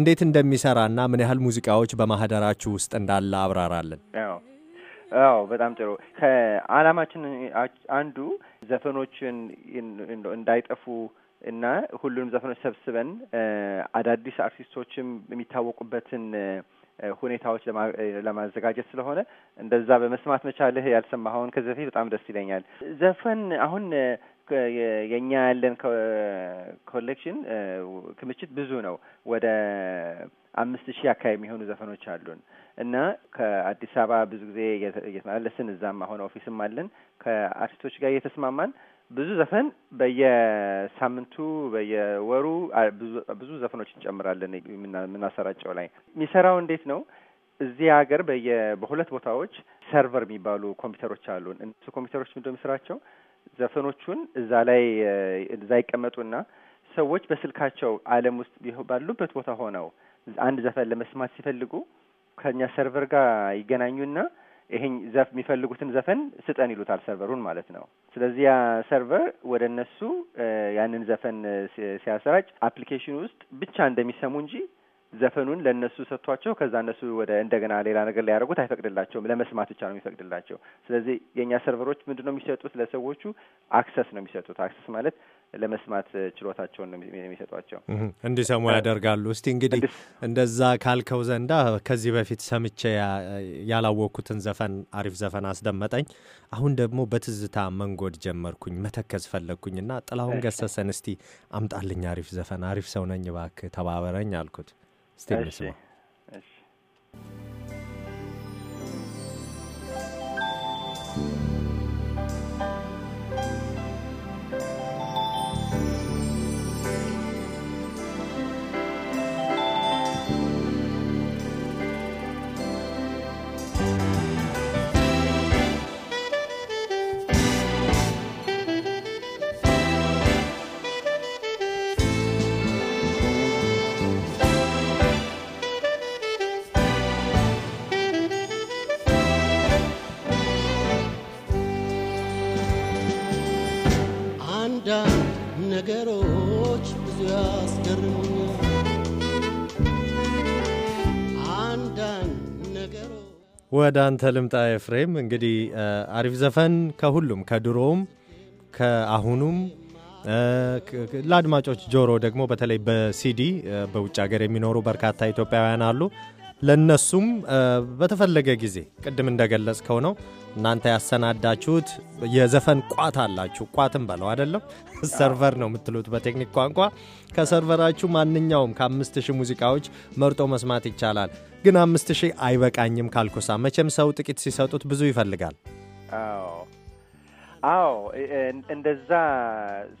እንዴት እንደሚሰራና ምን ያህል ሙዚቃዎች በማህደራችሁ ውስጥ እንዳለ አብራራለን። አዎ በጣም ጥሩ። ከአላማችን አንዱ ዘፈኖችን እንዳይጠፉ እና ሁሉንም ዘፈኖች ሰብስበን አዳዲስ አርቲስቶችም የሚታወቁበትን ሁኔታዎች ለማዘጋጀት ስለሆነ እንደዛ በመስማት መቻልህ ያልሰማኸውን ከዚህ በፊት በጣም ደስ ይለኛል። ዘፈን አሁን የእኛ ያለን ኮሌክሽን ክምችት ብዙ ነው። ወደ አምስት ሺህ አካባቢ የሚሆኑ ዘፈኖች አሉን እና ከአዲስ አበባ ብዙ ጊዜ እየተመላለስን እዛም አሁን ኦፊስም አለን ከአርቲስቶች ጋር እየተስማማን ብዙ ዘፈን በየሳምንቱ በየወሩ ብዙ ዘፈኖች እንጨምራለን። የምናሰራጨው ላይ የሚሰራው እንዴት ነው? እዚህ ሀገር በየ በሁለት ቦታዎች ሰርቨር የሚባሉ ኮምፒውተሮች አሉን። እነሱ ኮምፒውተሮች ምንድን ነው የሚሰራቸው? ዘፈኖቹን እዛ ላይ እዛ ይቀመጡና ሰዎች በስልካቸው ዓለም ውስጥ ባሉበት ቦታ ሆነው አንድ ዘፈን ለመስማት ሲፈልጉ ከኛ ሰርቨር ጋር ይገናኙና ይሄን ዘፍ የሚፈልጉትን ዘፈን ስጠን ይሉታል ሰርቨሩን ማለት ነው። ስለዚህ ያ ሰርቨር ወደ እነሱ ያንን ዘፈን ሲያሰራጭ አፕሊኬሽን ውስጥ ብቻ እንደሚሰሙ እንጂ ዘፈኑን ለእነሱ ሰጥቷቸው ከዛ እነሱ ወደ እንደገና ሌላ ነገር ሊያደርጉት አይፈቅድላቸውም። ለመስማት ብቻ ነው የሚፈቅድላቸው። ስለዚህ የእኛ ሰርቨሮች ምንድን ነው የሚሰጡት? ለሰዎቹ አክሰስ ነው የሚሰጡት። አክሰስ ማለት ለመስማት ችሎታቸውን ነው የሚሰጧቸው፣ እንዲሰሙ ያደርጋሉ። እስቲ እንግዲህ እንደዛ ካልከው ዘንዳ ከዚህ በፊት ሰምቼ ያላወቅኩትን ዘፈን አሪፍ ዘፈን አስደመጠኝ። አሁን ደግሞ በትዝታ መንጎድ ጀመርኩኝ፣ መተከዝ ፈለግኩኝ እና ጥላሁን ገሰሰን እስቲ አምጣልኝ አሪፍ ዘፈን፣ አሪፍ ሰው ነኝ እባክህ ተባበረኝ አልኩት። Stay አንዳንድ ነገሮች ብዙ ያስገርሙኛል። ወደ አንተ ልምጣ ኤፍሬም። እንግዲህ አሪፍ ዘፈን ከሁሉም ከድሮውም ከአሁኑም ለአድማጮች ጆሮ ደግሞ በተለይ በሲዲ በውጭ ሀገር የሚኖሩ በርካታ ኢትዮጵያውያን አሉ። ለነሱም በተፈለገ ጊዜ ቅድም እንደገለጽከው ነው እናንተ ያሰናዳችሁት የዘፈን ቋት አላችሁ። ቋትም በለው አይደለም፣ ሰርቨር ነው የምትሉት በቴክኒክ ቋንቋ። ከሰርቨራችሁ ማንኛውም ከአምስት ሺህ ሙዚቃዎች መርጦ መስማት ይቻላል። ግን አምስት ሺህ አይበቃኝም ካልኩሳ፣ መቼም ሰው ጥቂት ሲሰጡት ብዙ ይፈልጋል። አዎ እንደዛ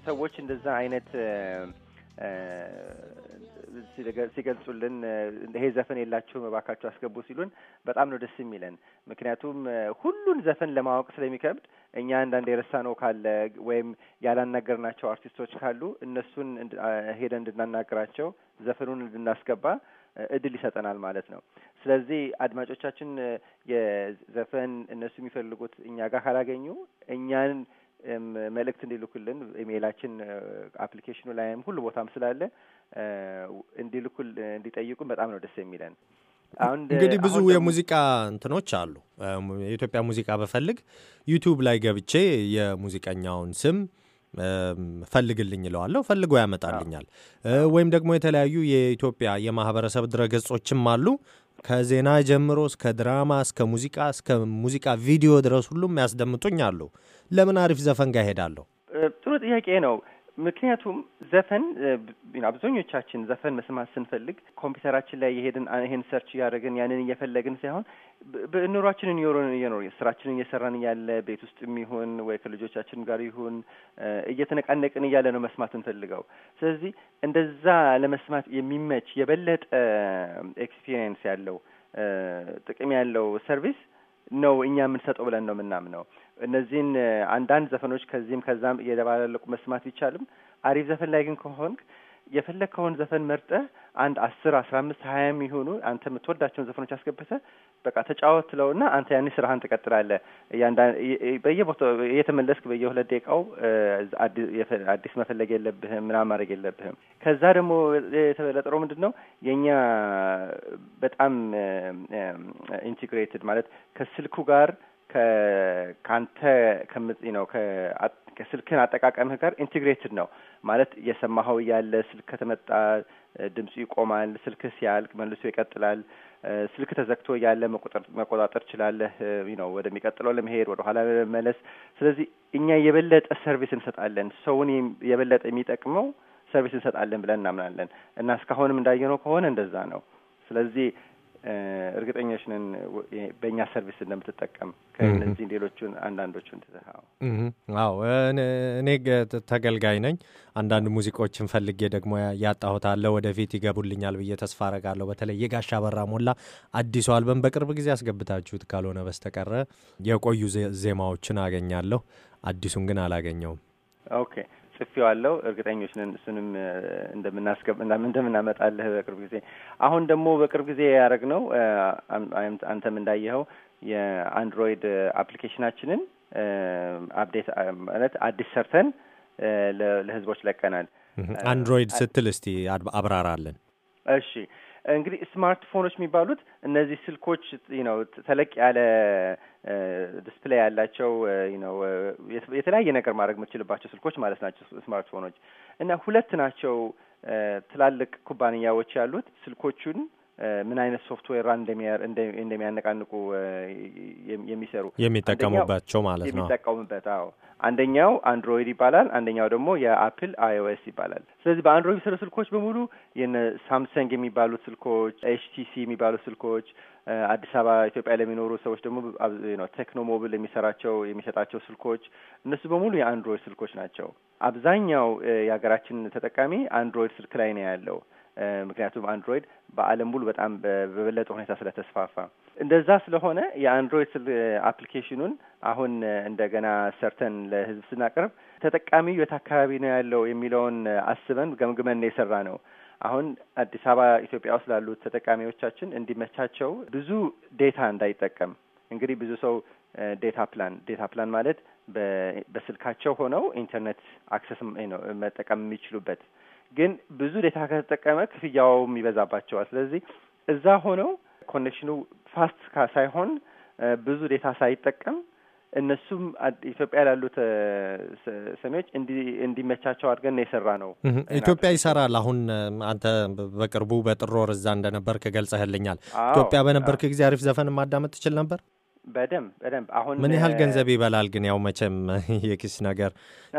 ሰዎች እንደዛ አይነት ሲገልጹልን ይሄ ዘፈን የላቸውም እባካቸው አስገቡ ሲሉን በጣም ነው ደስ የሚለን። ምክንያቱም ሁሉን ዘፈን ለማወቅ ስለሚከብድ እኛ አንዳንድ የረሳ ነው ካለ ወይም ያላናገርናቸው አርቲስቶች ካሉ እነሱን ሄደን እንድናናግራቸው ዘፈኑን እንድናስገባ እድል ይሰጠናል ማለት ነው። ስለዚህ አድማጮቻችን የዘፈን እነሱ የሚፈልጉት እኛ ጋር ካላገኙ እኛን መልእክት እንዲልኩልን ኢሜይላችን አፕሊኬሽኑ ላይም ሁሉ ቦታም ስላለ እንዲልኩ እንዲጠይቁን በጣም ነው ደስ የሚለን። እንግዲህ ብዙ የሙዚቃ እንትኖች አሉ። የኢትዮጵያ ሙዚቃ በፈልግ ዩቱብ ላይ ገብቼ የሙዚቀኛውን ስም ፈልግልኝ እለዋለሁ። ፈልጎ ያመጣልኛል። ወይም ደግሞ የተለያዩ የኢትዮጵያ የማህበረሰብ ድረገጾችም አሉ። ከዜና ጀምሮ እስከ ድራማ፣ እስከ ሙዚቃ፣ እስከ ሙዚቃ ቪዲዮ ድረስ ሁሉም ያስደምጡኝ አሉ። ለምን አሪፍ ዘፈን ጋር እሄዳለሁ? ጥሩ ጥያቄ ነው። ምክንያቱም ዘፈን አብዛኞቻችን ዘፈን መስማት ስንፈልግ ኮምፒውተራችን ላይ የሄድን ይሄን ሰርች እያደረግን ያንን እየፈለግን ሳይሆን ኑሯችንን እየኖርን እየኖር ስራችንን እየሰራን እያለ ቤት ውስጥ የሚሆን ወይ ከልጆቻችን ጋር ይሁን እየተነቃነቅን እያለ ነው መስማት እንፈልገው። ስለዚህ እንደዛ ለመስማት የሚመች የበለጠ ኤክስፒሪየንስ ያለው ጥቅም ያለው ሰርቪስ ነው እኛ የምንሰጠው ብለን ነው የምናምነው። እነዚህን አንዳንድ ዘፈኖች ከዚህም ከዛም እየደባላለቁ መስማት ቢቻልም አሪፍ ዘፈን ላይ ግን ከሆን የፈለግከውን ዘፈን መርጠህ አንድ አስር አስራ አምስት ሀያ የሚሆኑ አንተ የምትወዳቸውን ዘፈኖች አስገብተህ በቃ ተጫወት ና አንተ ያኔ ስራህን ትቀጥላለህ። በየቦታው እየተመለስክ በየሁለት ደቂቃው አዲስ መፈለግ የለብህም ምናምን ማድረግ የለብህም። ከዛ ደግሞ የተበለጠሮ ምንድን ነው የእኛ በጣም ኢንቲግሬትድ ማለት ከስልኩ ጋር ከአንተ ነው ከስልክን አጠቃቀምህ ጋር ኢንቴግሬትድ ነው ማለት እየሰማኸው እያለ ስልክ ከተመጣ ድምፁ ይቆማል። ስልክ ሲያልቅ መልሶ ይቀጥላል። ስልክ ተዘግቶ እያለ መቆጣጠር ችላለህ ነው ወደሚቀጥለው ለመሄድ ወደ ኋላ ለመመለስ። ስለዚህ እኛ የበለጠ ሰርቪስ እንሰጣለን። ሰውን የበለጠ የሚጠቅመው ሰርቪስ እንሰጣለን ብለን እናምናለን እና እስካሁንም እንዳየነው ከሆነ እንደዛ ነው። ስለዚህ እርግጠኞች ነን በእኛ ሰርቪስ እንደምትጠቀም ከእነዚህ ሌሎቹን አንዳንዶቹ አዎ እኔ ተገልጋይ ነኝ። አንዳንድ ሙዚቆችን ፈልጌ ደግሞ ያጣሁታለሁ። ወደፊት ይገቡልኛል ብዬ ተስፋ አረጋለሁ። በተለይ የጋሻ በራ ሞላ አዲሱ አልበም በቅርብ ጊዜ አስገብታችሁት ካልሆነ በስተቀረ የቆዩ ዜማዎችን አገኛለሁ። አዲሱን ግን አላገኘውም። ኦኬ ጽፌዋለሁ። እርግጠኞች ነን እሱንም እንደምናመጣልህ በቅርብ ጊዜ። አሁን ደግሞ በቅርብ ጊዜ ነው አንተም እንዳየኸው የአንድሮይድ አፕሊኬሽናችንን አፕዴት ማለት አዲስ ሰርተን ለህዝቦች ለቀናል። አንድሮይድ ስትል እስቲ አብራራለን። እሺ እንግዲህ ስማርትፎኖች የሚባሉት እነዚህ ስልኮች ነው ተለቅ ያለ ዲስፕሌይ ያላቸው ነው የተለያየ ነገር ማድረግ የምትችልባቸው ስልኮች ማለት ናቸው ስማርትፎኖች። እና ሁለት ናቸው ትላልቅ ኩባንያዎች ያሉት ስልኮቹን ምን አይነት ሶፍትዌር እንደሚያነቃንቁ የሚሰሩ የሚጠቀሙባቸው ማለት ነው። የሚጠቀሙበት አዎ። አንደኛው አንድሮይድ ይባላል፣ አንደኛው ደግሞ የአፕል አይኦኤስ ይባላል። ስለዚህ በአንድሮይድ ስለ ስልኮች በሙሉ የነ ሳምሰንግ የሚባሉት ስልኮች፣ ኤችቲሲ የሚባሉት ስልኮች አዲስ አበባ ኢትዮጵያ ለሚኖሩ ሰዎች ደግሞ ነው ቴክኖ ሞብል የሚሰራቸው የሚሰጣቸው ስልኮች እነሱ በሙሉ የአንድሮይድ ስልኮች ናቸው። አብዛኛው የሀገራችን ተጠቃሚ አንድሮይድ ስልክ ላይ ነው ያለው። ምክንያቱም አንድሮይድ በዓለም ሙሉ በጣም በበለጠ ሁኔታ ስለተስፋፋ እንደዛ ስለሆነ የአንድሮይድ ስል አፕሊኬሽኑን አሁን እንደገና ሰርተን ለህዝብ ስናቀርብ ተጠቃሚ የት አካባቢ ነው ያለው የሚለውን አስበን ገምግመን የሰራ ነው። አሁን አዲስ አበባ ኢትዮጵያ ውስጥ ላሉት ተጠቃሚዎቻችን እንዲመቻቸው ብዙ ዴታ እንዳይጠቀም እንግዲህ ብዙ ሰው ዴታ ፕላን ዴታ ፕላን ማለት በስልካቸው ሆነው ኢንተርኔት አክሰስ ነው መጠቀም የሚችሉበት ግን ብዙ ዴታ ከተጠቀመ ክፍያውም ይበዛባቸዋል። ስለዚህ እዛ ሆነው ኮኔክሽኑ ፋስት ሳይሆን ብዙ ዴታ ሳይጠቀም እነሱም ኢትዮጵያ ላሉት ሰሜዎች እንዲመቻቸው አድርገን የሰራ ነው። ኢትዮጵያ ይሰራል። አሁን አንተ በቅርቡ በጥር ወር እዛ እንደነበርክ ገልጸህልኛል። ኢትዮጵያ በነበርክ ጊዜ አሪፍ ዘፈን ማዳመጥ ትችል ነበር። በደንብ በደንብ አሁን ምን ያህል ገንዘብ ይበላል? ግን ያው መቼም የኪስ ነገር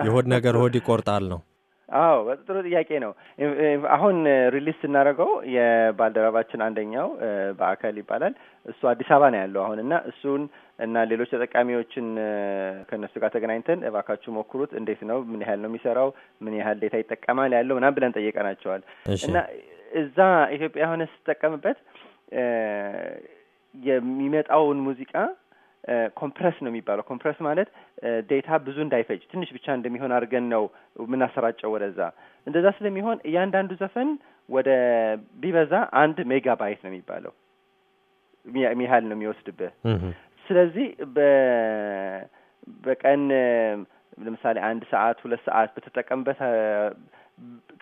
የሆድ ነገር ሆድ ይቆርጣል ነው አዎ ጥሩ ጥያቄ ነው። አሁን ሪሊስ ስናደርገው የባልደረባችን አንደኛው በአካል ይባላል እሱ አዲስ አበባ ነው ያለው አሁን እና እሱን እና ሌሎች ተጠቃሚዎችን ከእነሱ ጋር ተገናኝተን እባካችሁ ሞክሩት፣ እንዴት ነው፣ ምን ያህል ነው የሚሰራው፣ ምን ያህል ዴታ ይጠቀማል ያለው ምናምን ብለን ጠይቀናቸዋል። እና እዛ ኢትዮጵያ የሆነ ስትጠቀምበት የሚመጣውን ሙዚቃ ኮምፕረስ ነው የሚባለው። ኮምፕረስ ማለት ዴታ ብዙ እንዳይፈጅ ትንሽ ብቻ እንደሚሆን አድርገን ነው የምናሰራጨው ወደዛ። እንደዛ ስለሚሆን እያንዳንዱ ዘፈን ወደ ቢበዛ አንድ ሜጋ ባይት ነው የሚባለው ያህል ነው የሚወስድብህ። ስለዚህ በቀን ለምሳሌ አንድ ሰዓት ሁለት ሰዓት በተጠቀምበት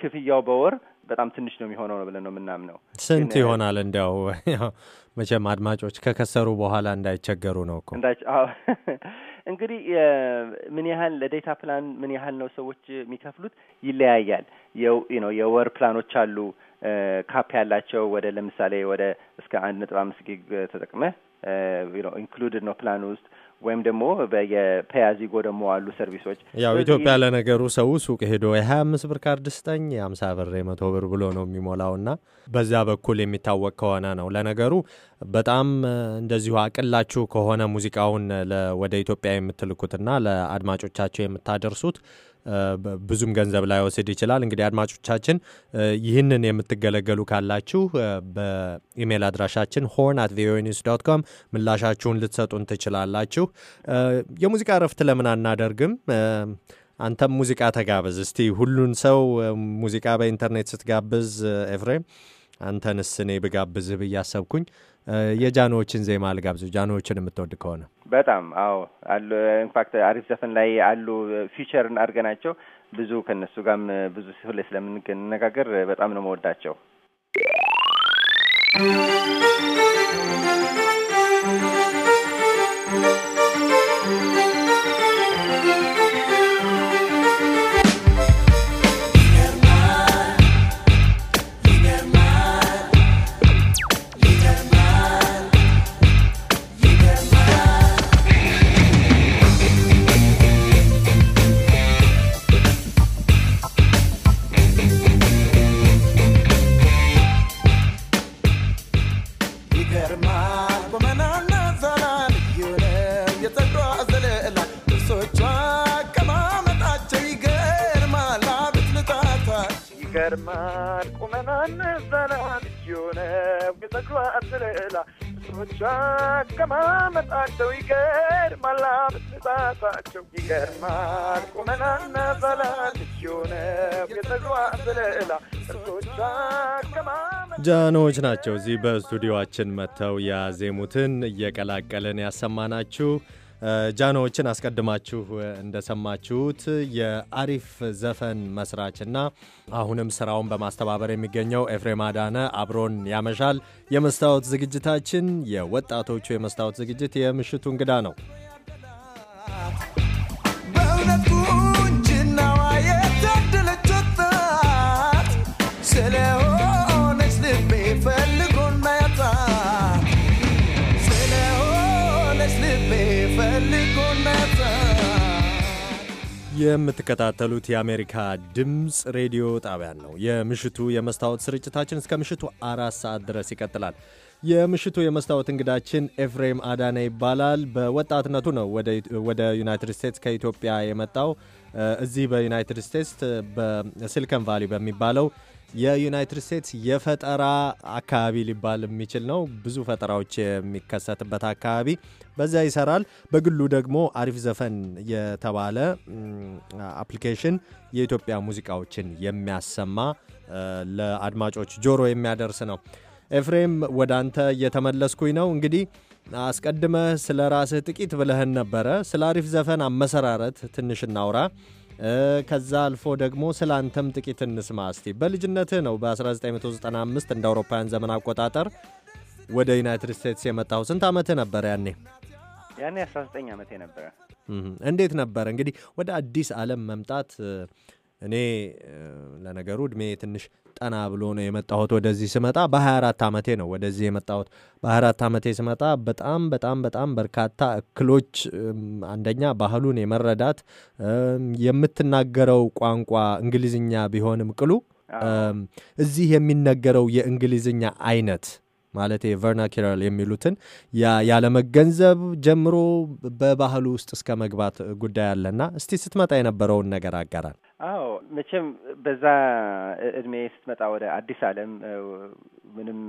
ክፍያው በወር በጣም ትንሽ ነው የሚሆነው ነው ብለን ነው የምናምነው። ስንት ይሆናል? እንዲያው መቼም አድማጮች ከከሰሩ በኋላ እንዳይቸገሩ ነው እኮ እንግዲህ ምን ያህል ለዴታ ፕላን ምን ያህል ነው ሰዎች የሚከፍሉት ይለያያል። ነው የወር ፕላኖች አሉ ካፕ ያላቸው ወደ ለምሳሌ ወደ እስከ አንድ ነጥብ አምስት ጊግ ተጠቅመህ ኢንክሉድድ ነው ፕላን ውስጥ ወይም ደግሞ የፐያዚጎ ደግሞ አሉ ሰርቪሶች። ያው ኢትዮጵያ ለነገሩ ሰው ሱቅ ሄዶ የሀያ አምስት ብር ካርድ ስጠኝ የአምሳ ብር የመቶ ብር ብሎ ነው የሚሞላውና በዛ በኩል የሚታወቅ ከሆነ ነው። ለነገሩ በጣም እንደዚሁ አቅላችሁ ከሆነ ሙዚቃውን ወደ ኢትዮጵያ የምትልኩትና ለአድማጮቻቸው የምታደርሱት ብዙም ገንዘብ ላይወስድ ይችላል። እንግዲህ አድማጮቻችን ይህንን የምትገለገሉ ካላችሁ በኢሜይል አድራሻችን ሆርን አት ቪኦኤ ኒውስ ዶት ኮም ምላሻችሁን ልትሰጡን ትችላላችሁ። የሙዚቃ እረፍት ለምን አናደርግም? አንተም ሙዚቃ ተጋበዝ እስቲ። ሁሉን ሰው ሙዚቃ በኢንተርኔት ስትጋብዝ ኤፍሬም፣ አንተንስ እኔ ብጋብዝህ ብዬ አሰብኩኝ። የጃኖዎችን ዜማ ልጋብዙ። ጃኖዎችን የምትወድ ከሆነ በጣም አዎ፣ አሉ ኢንፋክት አሪፍ ዘፈን ላይ አሉ ፊቸርን አድርገናቸው ብዙ ከነሱ ጋርም ብዙ ሁሌ ስለምንነጋገር በጣም ነው መወዳቸው። Thank ግጥሞች ናቸው እዚህ በስቱዲዮችን መጥተው ያዜሙትን እየቀላቀለን ያሰማናችሁ። ጃኖዎችን አስቀድማችሁ እንደሰማችሁት የአሪፍ ዘፈን መስራችና አሁንም ስራውን በማስተባበር የሚገኘው ኤፍሬም አዳነ አብሮን ያመሻል። የመስታወት ዝግጅታችን የወጣቶቹ የመስታወት ዝግጅት የምሽቱ እንግዳ ነው። ስለሆ የምትከታተሉት የአሜሪካ ድምፅ ሬዲዮ ጣቢያን ነው። የምሽቱ የመስታወት ስርጭታችን እስከ ምሽቱ አራት ሰዓት ድረስ ይቀጥላል። የምሽቱ የመስታወት እንግዳችን ኤፍሬም አዳነ ይባላል። በወጣትነቱ ነው ወደ ዩናይትድ ስቴትስ ከኢትዮጵያ የመጣው። እዚህ በዩናይትድ ስቴትስ በሲሊከን ቫሊ በሚባለው የዩናይትድ ስቴትስ የፈጠራ አካባቢ ሊባል የሚችል ነው። ብዙ ፈጠራዎች የሚከሰትበት አካባቢ በዚያ ይሰራል። በግሉ ደግሞ አሪፍ ዘፈን የተባለ አፕሊኬሽን የኢትዮጵያ ሙዚቃዎችን የሚያሰማ ለአድማጮች ጆሮ የሚያደርስ ነው። ኤፍሬም ወደ አንተ እየተመለስኩኝ ነው። እንግዲህ አስቀድመህ ስለ ራስህ ጥቂት ብለህን ነበረ። ስለ አሪፍ ዘፈን አመሰራረት ትንሽ እናውራ። ከዛ አልፎ ደግሞ ስለ አንተም ጥቂት እንስማ እስቲ። በልጅነትህ ነው በ1995 እንደ አውሮፓውያን ዘመን አቆጣጠር ወደ ዩናይትድ ስቴትስ የመጣሁ። ስንት ዓመትህ ነበር ያኔ? ያኔ 19 ዓመቴ ነበረ። እንዴት ነበር እንግዲህ ወደ አዲስ ዓለም መምጣት እኔ ለነገሩ እድሜ ትንሽ ጠና ብሎ ነው የመጣሁት። ወደዚህ ስመጣ በ24 ዓመቴ ነው ወደዚህ የመጣሁት። በ24 ዓመቴ ስመጣ በጣም በጣም በጣም በርካታ እክሎች፣ አንደኛ ባህሉን የመረዳት የምትናገረው ቋንቋ እንግሊዝኛ ቢሆንም ቅሉ እዚህ የሚነገረው የእንግሊዝኛ አይነት ማለት ቨርናኪራል የሚሉትን ያለመገንዘብ ጀምሮ በባህሉ ውስጥ እስከ መግባት ጉዳይ አለና እስቲ ስትመጣ የነበረውን ነገር አጋራል። አዎ መቼም በዛ እድሜ ስትመጣ ወደ አዲስ ዓለም ምንም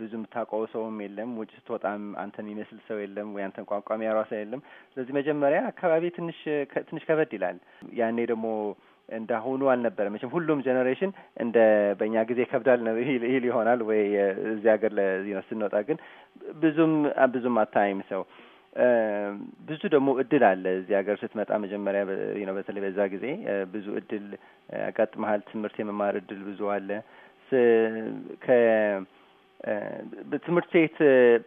ብዙ የምታውቀው ሰውም የለም። ውጭ ስትወጣም አንተ የሚመስል ሰው የለም፣ ወይ አንተን ቋንቋ የሚያወራ ሰው የለም። ስለዚህ መጀመሪያ አካባቢ ትንሽ ትንሽ ከበድ ይላል። ያኔ ደግሞ እንዳሁኑ አልነበረ መቼም ሁሉም ጀኔሬሽን እንደ በእኛ ጊዜ ከብዳል ነው ይል ይሆናል ወይ እዚህ ሀገር ለዚህ ነው ስንወጣ ግን ብዙም ብዙም አታይም ሰው ብዙ ደግሞ እድል አለ እዚህ ሀገር ስትመጣ መጀመሪያ ነው በተለይ በዛ ጊዜ ብዙ እድል ያጋጥመሃል ትምህርት የመማር እድል ብዙ አለ ከ ትምህርት ቤት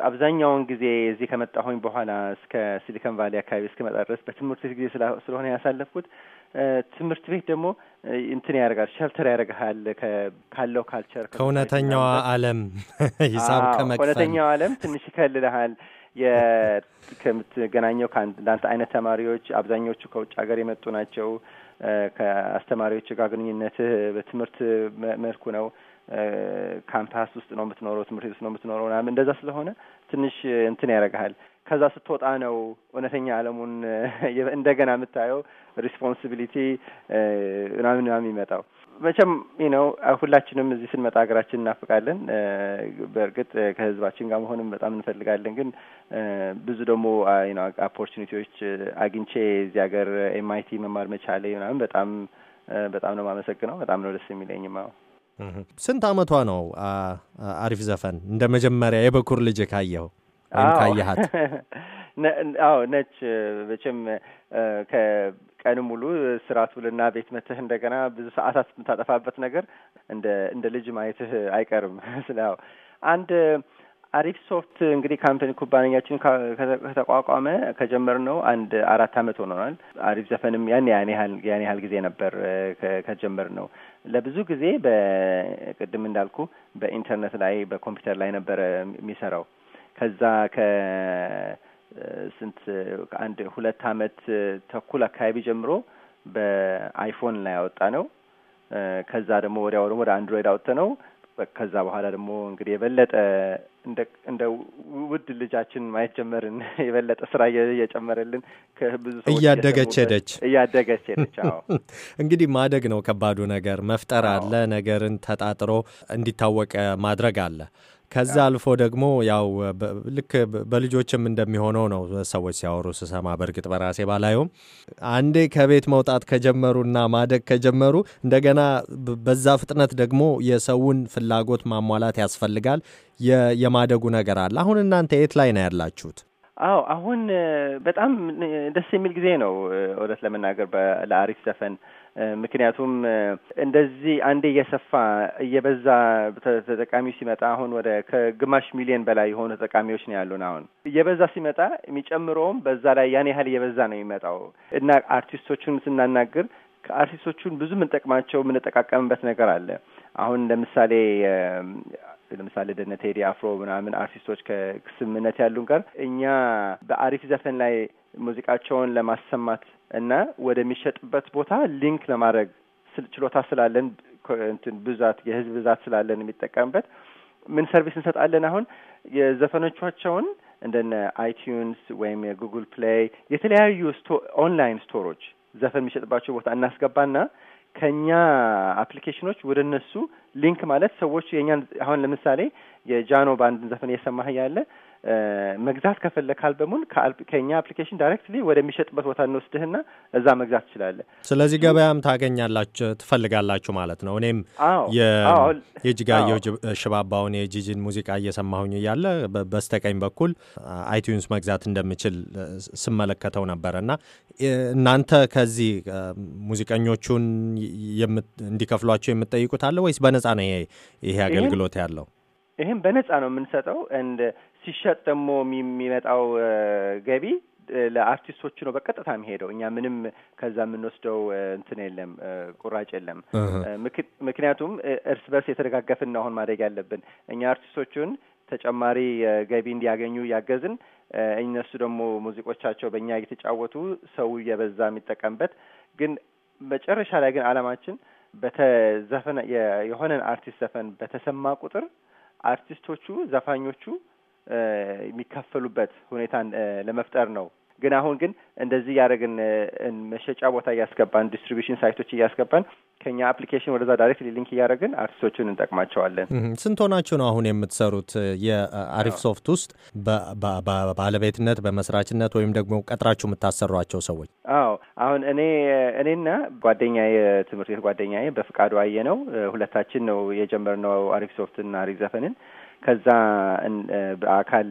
አብዛኛውን ጊዜ እዚህ ከመጣሁኝ በኋላ እስከ ሲሊከን ቫሊ አካባቢ እስከመጣ ድረስ በትምህርት ቤት ጊዜ ስለሆነ ያሳለፍኩት ትምህርት ቤት ደግሞ እንትን ያደርጋል ሸልተር ያደርግሃል ካለው ካልቸር ከእውነተኛዋ ዓለም ሂሳብ ከመቅሰም እውነተኛው ዓለም ትንሽ ይከልልሃል። ከምትገናኘው ከአንዳንተ አይነት ተማሪዎች አብዛኞቹ ከውጭ ሀገር የመጡ ናቸው። ከአስተማሪዎች ጋር ግንኙነትህ በትምህርት መልኩ ነው። ካምፓስ ውስጥ ነው የምትኖረው፣ ትምህርት ቤት ውስጥ ነው የምትኖረው ምናምን እንደዛ ስለሆነ ትንሽ እንትን ያደርግሃል። ከዛ ስትወጣ ነው እውነተኛ ዓለሙን እንደገና የምታየው ሪስፖንሲቢሊቲ ምናምን ምናምን የሚመጣው። መቼም ይህ ነው። ሁላችንም እዚህ ስንመጣ ሀገራችን እናፍቃለን። በእርግጥ ከህዝባችን ጋር መሆንም በጣም እንፈልጋለን። ግን ብዙ ደግሞ አፖርቹኒቲዎች አግኝቼ እዚህ ሀገር ኤምአይቲ መማር መቻለ ምናምን በጣም በጣም ነው የማመሰግነው። በጣም ነው ደስ የሚለኝ። ማው ስንት አመቷ ነው? አሪፍ ዘፈን እንደ መጀመሪያ የበኩር ልጅ ካየኸው ወይም ካየሃት? አዎ ነች። መቼም ከቀን ሙሉ ስራ ትውልና ቤት መትህ እንደገና ብዙ ሰዓታት የምታጠፋበት ነገር እንደ እንደ ልጅ ማየትህ አይቀርም። ስለ አንድ አሪፍ ሶፍት እንግዲህ ካምፓኒ ኩባንያችን ከተቋቋመ ከጀመር ነው አንድ አራት አመት ሆኖናል። አሪፍ ዘፈንም ያን ያን ያህል ያን ያህል ጊዜ ነበር ከጀመር ነው። ለብዙ ጊዜ በቅድም እንዳልኩ በኢንተርኔት ላይ በኮምፒውተር ላይ ነበረ የሚሰራው ከዛ ከስንት አንድ ሁለት አመት ተኩል አካባቢ ጀምሮ በአይፎን ላይ ያወጣ ነው። ከዛ ደግሞ ወዲያው ደግሞ ወደ አንድሮይድ አወጥተ ነው። ከዛ በኋላ ደግሞ እንግዲህ የበለጠ እንደ ውድ ልጃችን ማየት ጀመርን። የበለጠ ስራ እየጨመረልን ከብዙ ሰዎች እያደገች ሄደች እያደገች ሄደች። እንግዲህ ማደግ ነው ከባዱ ነገር። መፍጠር አለ ነገርን ተጣጥሮ እንዲታወቅ ማድረግ አለ። ከዛ አልፎ ደግሞ ያው ልክ በልጆችም እንደሚሆነው ነው ሰዎች ሲያወሩ ስሰማ። በእርግጥ በራሴ ባላየውም አንዴ ከቤት መውጣት ከጀመሩ እና ማደግ ከጀመሩ እንደገና በዛ ፍጥነት ደግሞ የሰውን ፍላጎት ማሟላት ያስፈልጋል። የማደጉ ነገር አለ። አሁን እናንተ የት ላይ ነው ያላችሁት? አዎ አሁን በጣም ደስ የሚል ጊዜ ነው። እውነት ለመናገር ለአሪፍ ዘፈን ምክንያቱም እንደዚህ አንዴ እየሰፋ እየበዛ ተጠቃሚ ሲመጣ አሁን ወደ ከግማሽ ሚሊዮን በላይ የሆኑ ተጠቃሚዎች ነው ያሉን። አሁን እየበዛ ሲመጣ የሚጨምረውም በዛ ላይ ያን ያህል እየበዛ ነው የሚመጣው እና አርቲስቶቹን ስናናግር ከአርቲስቶቹን ብዙ የምንጠቅማቸው የምንጠቃቀምበት ነገር አለ። አሁን ለምሳሌ ለምሳሌ ደነ ቴዲ አፍሮ ምናምን አርቲስቶች ከስምምነት ያሉን ጋር እኛ በአሪፍ ዘፈን ላይ ሙዚቃቸውን ለማሰማት እና ወደሚሸጥበት ቦታ ሊንክ ለማድረግ ችሎታ ስላለን እንትን ብዛት የህዝብ ብዛት ስላለን የሚጠቀምበት ምን ሰርቪስ እንሰጣለን። አሁን የዘፈኖቻቸውን እንደነ አይቲዩንስ ወይም የጉግል ፕሌይ የተለያዩ ኦንላይን ስቶሮች ዘፈን የሚሸጥባቸው ቦታ እናስገባና ከኛ አፕሊኬሽኖች ወደ እነሱ ሊንክ ማለት ሰዎች የእኛን አሁን ለምሳሌ የጃኖ ባንድን ዘፈን እየሰማህ ያለ መግዛት ከፈለግ ካልበሙን ከእኛ አፕሊኬሽን ዳይሬክትሊ ወደሚሸጥበት ቦታ እንወስድህና እዛ መግዛት ትችላለህ። ስለዚህ ገበያም ታገኛላችሁ ትፈልጋላችሁ ማለት ነው። እኔም የእጅጋየሁ ሽባባውን የጂጂን ሙዚቃ እየሰማሁኝ እያለ በስተቀኝ በኩል አይቲዩንስ መግዛት እንደምችል ስመለከተው ነበረ እና እናንተ ከዚህ ሙዚቀኞቹን እንዲከፍሏቸው የምትጠይቁት አለ ወይስ በነጻ ነው ይሄ አገልግሎት ያለው? ይህም በነጻ ነው የምንሰጠው። ሲሸጥ ደግሞ የሚመጣው ገቢ ለአርቲስቶቹ ነው በቀጥታ የሚሄደው። እኛ ምንም ከዛ የምንወስደው እንትን የለም፣ ቁራጭ የለም። ምክንያቱም እርስ በርስ የተደጋገፍን አሁን ማድረግ ያለብን። እኛ አርቲስቶቹን ተጨማሪ ገቢ እንዲያገኙ እያገዝን እነሱ ደግሞ ሙዚቆቻቸው በእኛ እየተጫወቱ ሰው እየበዛ የሚጠቀምበት ግን መጨረሻ ላይ ግን አላማችን በተዘፈነ የሆነን አርቲስት ዘፈን በተሰማ ቁጥር አርቲስቶቹ ዘፋኞቹ የሚካፈሉበት ሁኔታን ለመፍጠር ነው። ግን አሁን ግን እንደዚህ ያደረግን መሸጫ ቦታ እያስገባን ዲስትሪቢሽን ሳይቶች እያስገባን ከኛ አፕሊኬሽን ወደዛ ዳይሬክት ሊንክ እያደረግን አርቲስቶችን እንጠቅማቸዋለን። ስንት ሆናችሁ ነው አሁን የምትሰሩት? የአሪፍ ሶፍት ውስጥ ባለቤትነት በመስራችነት ወይም ደግሞ ቀጥራችሁ የምታሰሯቸው ሰዎች? አዎ አሁን እኔ እኔና ጓደኛ የትምህርት ቤት ጓደኛ በፍቃዱ አየ ነው ሁለታችን ነው የጀመርነው አሪፍ ሶፍትና አሪፍ ዘፈንን ከዛ በአካል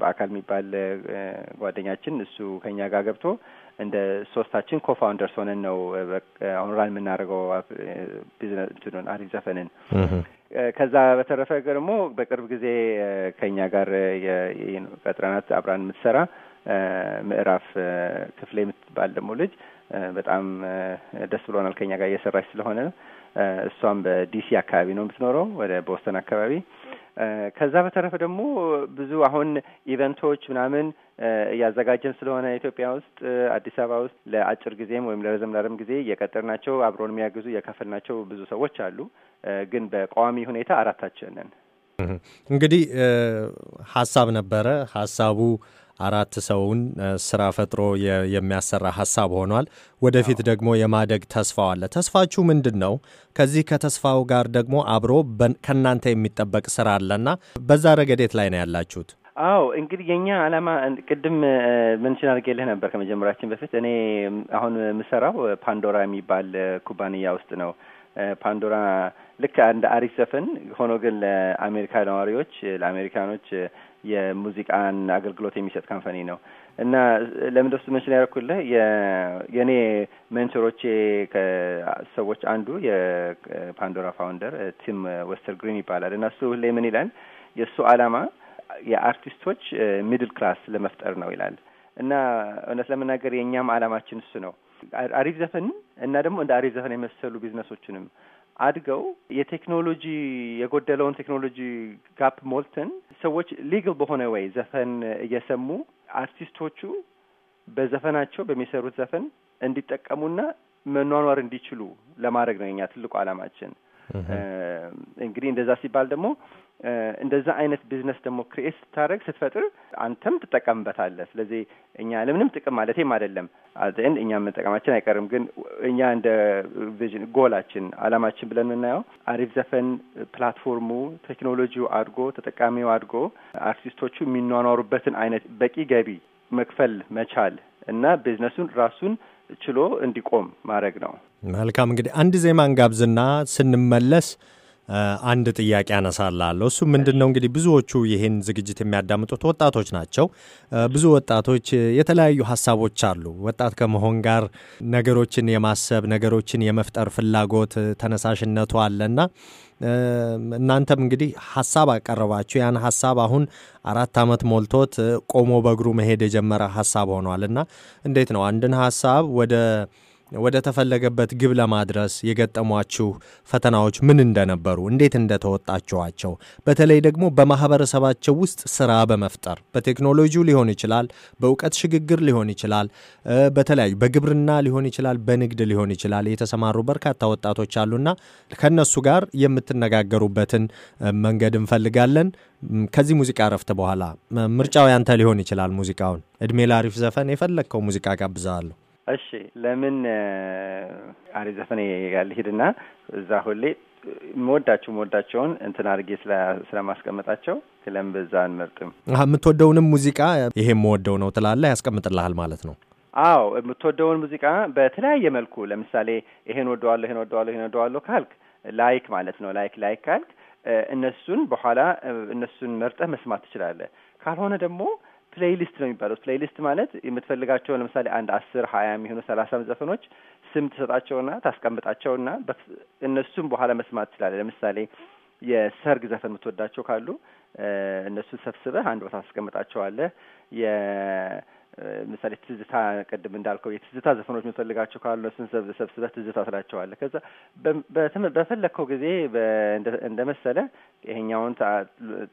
በአካል የሚባል ጓደኛችን እሱ ከኛ ጋር ገብቶ እንደ ሶስታችን ኮፋውንደርስ ሆነን ነው አሁን ራን የምናደርገው ቢዝነስ እንትኑን አሪፍ ዘፈንን። ከዛ በተረፈ ደግሞ በቅርብ ጊዜ ከኛ ጋር ቀጥረናት አብራን የምትሰራ ምዕራፍ ክፍሌ የምትባል ደግሞ ልጅ በጣም ደስ ብሎናል ከኛ ጋር እየሰራች ስለሆነ እሷም በዲሲ አካባቢ ነው የምትኖረው፣ ወደ ቦስተን አካባቢ። ከዛ በተረፈ ደግሞ ብዙ አሁን ኢቨንቶች ምናምን እያዘጋጀን ስለሆነ ኢትዮጵያ ውስጥ አዲስ አበባ ውስጥ ለአጭር ጊዜም ወይም ለረዘም ላለም ጊዜ እየቀጠርናቸው አብሮን የሚያግዙ እየከፈልናቸው ብዙ ሰዎች አሉ። ግን በቋሚ ሁኔታ አራታችንን እንግዲህ ሀሳብ ነበረ ሀሳቡ አራት ሰውን ስራ ፈጥሮ የሚያሰራ ሀሳብ ሆኗል። ወደፊት ደግሞ የማደግ ተስፋው አለ። ተስፋችሁ ምንድን ነው? ከዚህ ከተስፋው ጋር ደግሞ አብሮ ከእናንተ የሚጠበቅ ስራ አለና በዛ ረገዴት ላይ ነው ያላችሁት? አዎ እንግዲህ የእኛ አላማ ቅድም መንሽን አድርጌልህ ነበር ከመጀመሪያችን በፊት እኔ አሁን የምሰራው ፓንዶራ የሚባል ኩባንያ ውስጥ ነው። ፓንዶራ ልክ አንድ አሪፍ ዘፈን ሆኖ ግን ለአሜሪካ ነዋሪዎች ለአሜሪካኖች የሙዚቃን አገልግሎት የሚሰጥ ካምፓኒ ነው እና ለምን ደስ መንሽን ያደረኩልህ የእኔ ሜንቶሮቼ ከሰዎች አንዱ የፓንዶራ ፋውንደር ቲም ወስተር ግሪን ይባላል እና እሱ ሁሌ ምን ይላል የእሱ አላማ የአርቲስቶች ሚድል ክላስ ለመፍጠር ነው ይላል እና እውነት ለመናገር የእኛም አላማችን እሱ ነው። አሪፍ ዘፈን እና ደግሞ እንደ አሪፍ ዘፈን የመሰሉ ቢዝነሶችንም አድገው የቴክኖሎጂ የጎደለውን ቴክኖሎጂ ጋፕ ሞልተን ሰዎች ሊግል በሆነ ወይ ዘፈን እየሰሙ አርቲስቶቹ በዘፈናቸው በሚሰሩት ዘፈን እንዲጠቀሙና መኗኗር እንዲችሉ ለማድረግ ነው የኛ ትልቁ ዓላማችን። እንግዲህ እንደዛ ሲባል ደግሞ እንደዛ አይነት ቢዝነስ ደግሞ ክሬኤት ስታደረግ ስትፈጥር አንተም ትጠቀምበታለህ። ስለዚህ እኛ ለምንም ጥቅም ማለቴም አይደለም አን እኛ መጠቀማችን አይቀርም፣ ግን እኛ እንደ ቪዥን ጎላችን አላማችን ብለን የምናየው አሪፍ ዘፈን ፕላትፎርሙ ቴክኖሎጂው አድጎ ተጠቃሚው አድጎ አርቲስቶቹ የሚኗኗሩበትን አይነት በቂ ገቢ መክፈል መቻል እና ቢዝነሱን ራሱን ችሎ እንዲቆም ማድረግ ነው። መልካም እንግዲህ አንድ ዜማ እንጋብዝና ስንመለስ አንድ ጥያቄ ያነሳላለሁ። እሱ ምንድን ነው እንግዲህ ብዙዎቹ ይህን ዝግጅት የሚያዳምጡት ወጣቶች ናቸው። ብዙ ወጣቶች የተለያዩ ሀሳቦች አሉ። ወጣት ከመሆን ጋር ነገሮችን የማሰብ ነገሮችን የመፍጠር ፍላጎት ተነሳሽነቱ አለና እናንተም እንግዲህ ሀሳብ አቀረባችሁ። ያን ሀሳብ አሁን አራት ዓመት ሞልቶት ቆሞ በእግሩ መሄድ የጀመረ ሀሳብ ሆኗል እና እንዴት ነው አንድን ሀሳብ ወደ ወደ ተፈለገበት ግብ ለማድረስ የገጠሟችሁ ፈተናዎች ምን እንደነበሩ፣ እንዴት እንደተወጣችኋቸው፣ በተለይ ደግሞ በማህበረሰባቸው ውስጥ ስራ በመፍጠር በቴክኖሎጂው ሊሆን ይችላል፣ በእውቀት ሽግግር ሊሆን ይችላል፣ በተለያዩ በግብርና ሊሆን ይችላል፣ በንግድ ሊሆን ይችላል የተሰማሩ በርካታ ወጣቶች አሉና ከነሱ ጋር የምትነጋገሩበትን መንገድ እንፈልጋለን። ከዚህ ሙዚቃ እረፍት በኋላ ምርጫው ያንተ ሊሆን ይችላል። ሙዚቃውን እድሜ ላሪፍ ዘፈን የፈለግከው ሙዚቃ ጋብዛለሁ። እሺ ለምን አሪፍ ዘፈን ያልሄድና እዛ ሁሌ መወዳችሁ መወዳቸውን እንትን አድርጌ ስለማስቀምጣቸው ክለም በዛ አንመርጥም። የምትወደውንም ሙዚቃ ይሄ የምወደው ነው ትላለህ፣ ያስቀምጥልሃል ማለት ነው። አዎ የምትወደውን ሙዚቃ በተለያየ መልኩ ለምሳሌ ይሄን ወደዋለሁ፣ ይሄን ወደዋለሁ፣ ይሄን ወደዋለሁ ካልክ ላይክ ማለት ነው። ላይክ ላይክ ካልክ እነሱን በኋላ እነሱን መርጠህ መስማት ትችላለህ። ካልሆነ ደግሞ ፕሌይሊስት ነው የሚባለው። ፕሌይሊስት ማለት የምትፈልጋቸውን ለምሳሌ አንድ አስር ሀያ የሚሆኑ ሰላሳ ዘፈኖች ስም ትሰጣቸውና ታስቀምጣቸውና እነሱም በኋላ መስማት ትችላለ። ለምሳሌ የሰርግ ዘፈን የምትወዳቸው ካሉ እነሱን ሰብስበህ አንድ ቦታ ታስቀምጣቸዋለህ። ምሳሌ ትዝታ ቅድም እንዳልከው የትዝታ ዘፈኖች የምፈልጋቸው ካሉ እነሱን ሰብስበህ ትዝታ ስላቸዋለ ከዛ በፈለግከው ጊዜ እንደ መሰለ ይሄኛውን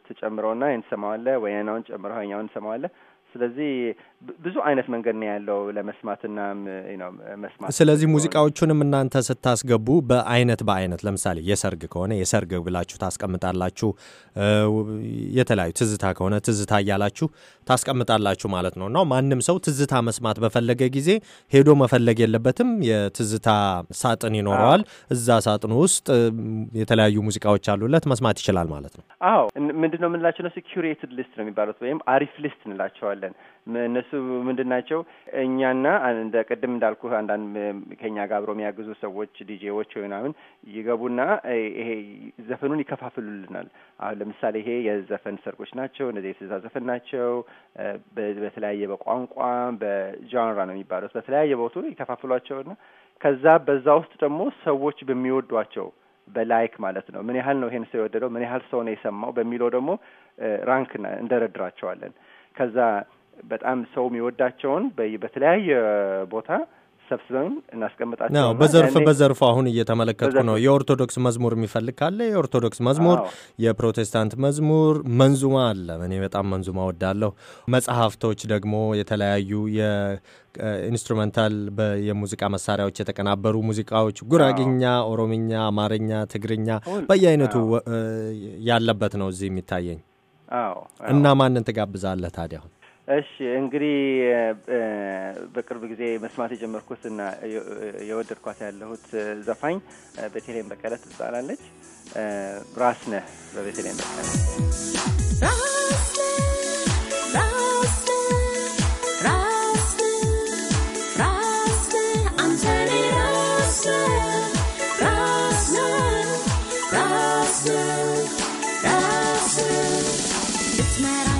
ትጨምረውና ይህን ትሰማዋለህ ወይ ናውን ጨምረው ይሄኛውን ትሰማዋለህ። ስለዚህ ብዙ አይነት መንገድ ነው ያለው ለመስማትና መስማት። ስለዚህ ሙዚቃዎቹንም እናንተ ስታስገቡ በአይነት በአይነት ለምሳሌ የሰርግ ከሆነ የሰርግ ብላችሁ ታስቀምጣላችሁ፣ የተለያዩ ትዝታ ከሆነ ትዝታ እያላችሁ ታስቀምጣላችሁ ማለት ነው እና ማንም ሰው ትዝታ መስማት በፈለገ ጊዜ ሄዶ መፈለግ የለበትም። የትዝታ ሳጥን ይኖረዋል። እዛ ሳጥኑ ውስጥ የተለያዩ ሙዚቃዎች አሉለት መስማት ይችላል ማለት ነው። አዎ ምንድነው የምንላቸው ነው ሴኪሬትድ ሊስት ነው የሚባሉት ወይም አሪፍ ሊስት እንላቸዋለን እንችላለን። እነሱ ምንድን ናቸው? እኛና እንደ ቅድም እንዳልኩ አንዳንድ ከኛ ጋር የሚያግዙ ሰዎች ዲጄዎች ምናምን ይገቡና ይሄ ዘፈኑን ይከፋፍሉልናል። አሁን ለምሳሌ ይሄ የዘፈን ሰርጎች ናቸው፣ እነዚህ የትዕዛዝ ዘፈን ናቸው። በተለያየ በቋንቋ በጃንራ ነው የሚባሉት። በተለያየ ቦቱ ይከፋፍሏቸውና ከዛ በዛ ውስጥ ደግሞ ሰዎች በሚወዷቸው በላይክ ማለት ነው። ምን ያህል ነው ይሄን ሰው የወደደው፣ ምን ያህል ሰው ነው የሰማው በሚለው ደግሞ ራንክ እንደረድራቸዋለን። ከዛ በጣም ሰው የሚወዳቸውን በተለያየ ቦታ ሰብስበን እናስቀምጣቸው በዘርፍ በዘርፉ አሁን እየተመለከትኩ ነው። የኦርቶዶክስ መዝሙር የሚፈልግ ካለ የኦርቶዶክስ መዝሙር፣ የፕሮቴስታንት መዝሙር መንዙማ አለ። እኔ በጣም መንዙማ ወዳለሁ። መጽሐፍቶች ደግሞ የተለያዩ ኢንስትሩመንታል የሙዚቃ መሳሪያዎች የተቀናበሩ ሙዚቃዎች፣ ጉራግኛ፣ ኦሮምኛ፣ አማርኛ፣ ትግርኛ በየአይነቱ ያለበት ነው እዚህ የሚታየኝ እና ማንን ትጋብዛለህ ታዲያ? እሺ እንግዲህ በቅርብ ጊዜ መስማት የጀመርኩት እና የወደድኳት ያለሁት ዘፋኝ ቤተልሔም በቀለ ትባላለች። ራስ ነህ በቤተልሔም በቀለ It's not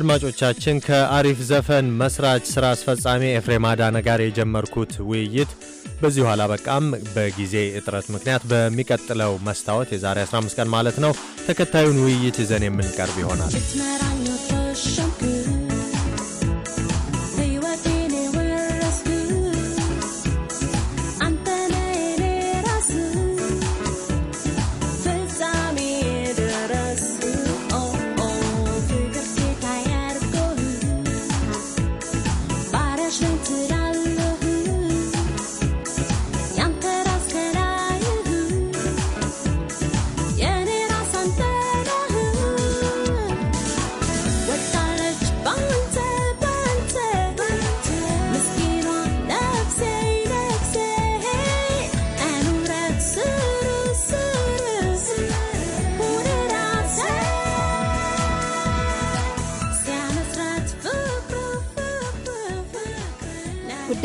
አድማጮቻችን ከአሪፍ ዘፈን መስራች ስራ አስፈጻሚ ኤፍሬም አዳነ ጋር የጀመርኩት ውይይት በዚሁ አላበቃም። በጊዜ እጥረት ምክንያት በሚቀጥለው መስታወት የዛሬ 15 ቀን ማለት ነው ተከታዩን ውይይት ይዘን የምንቀርብ ይሆናል።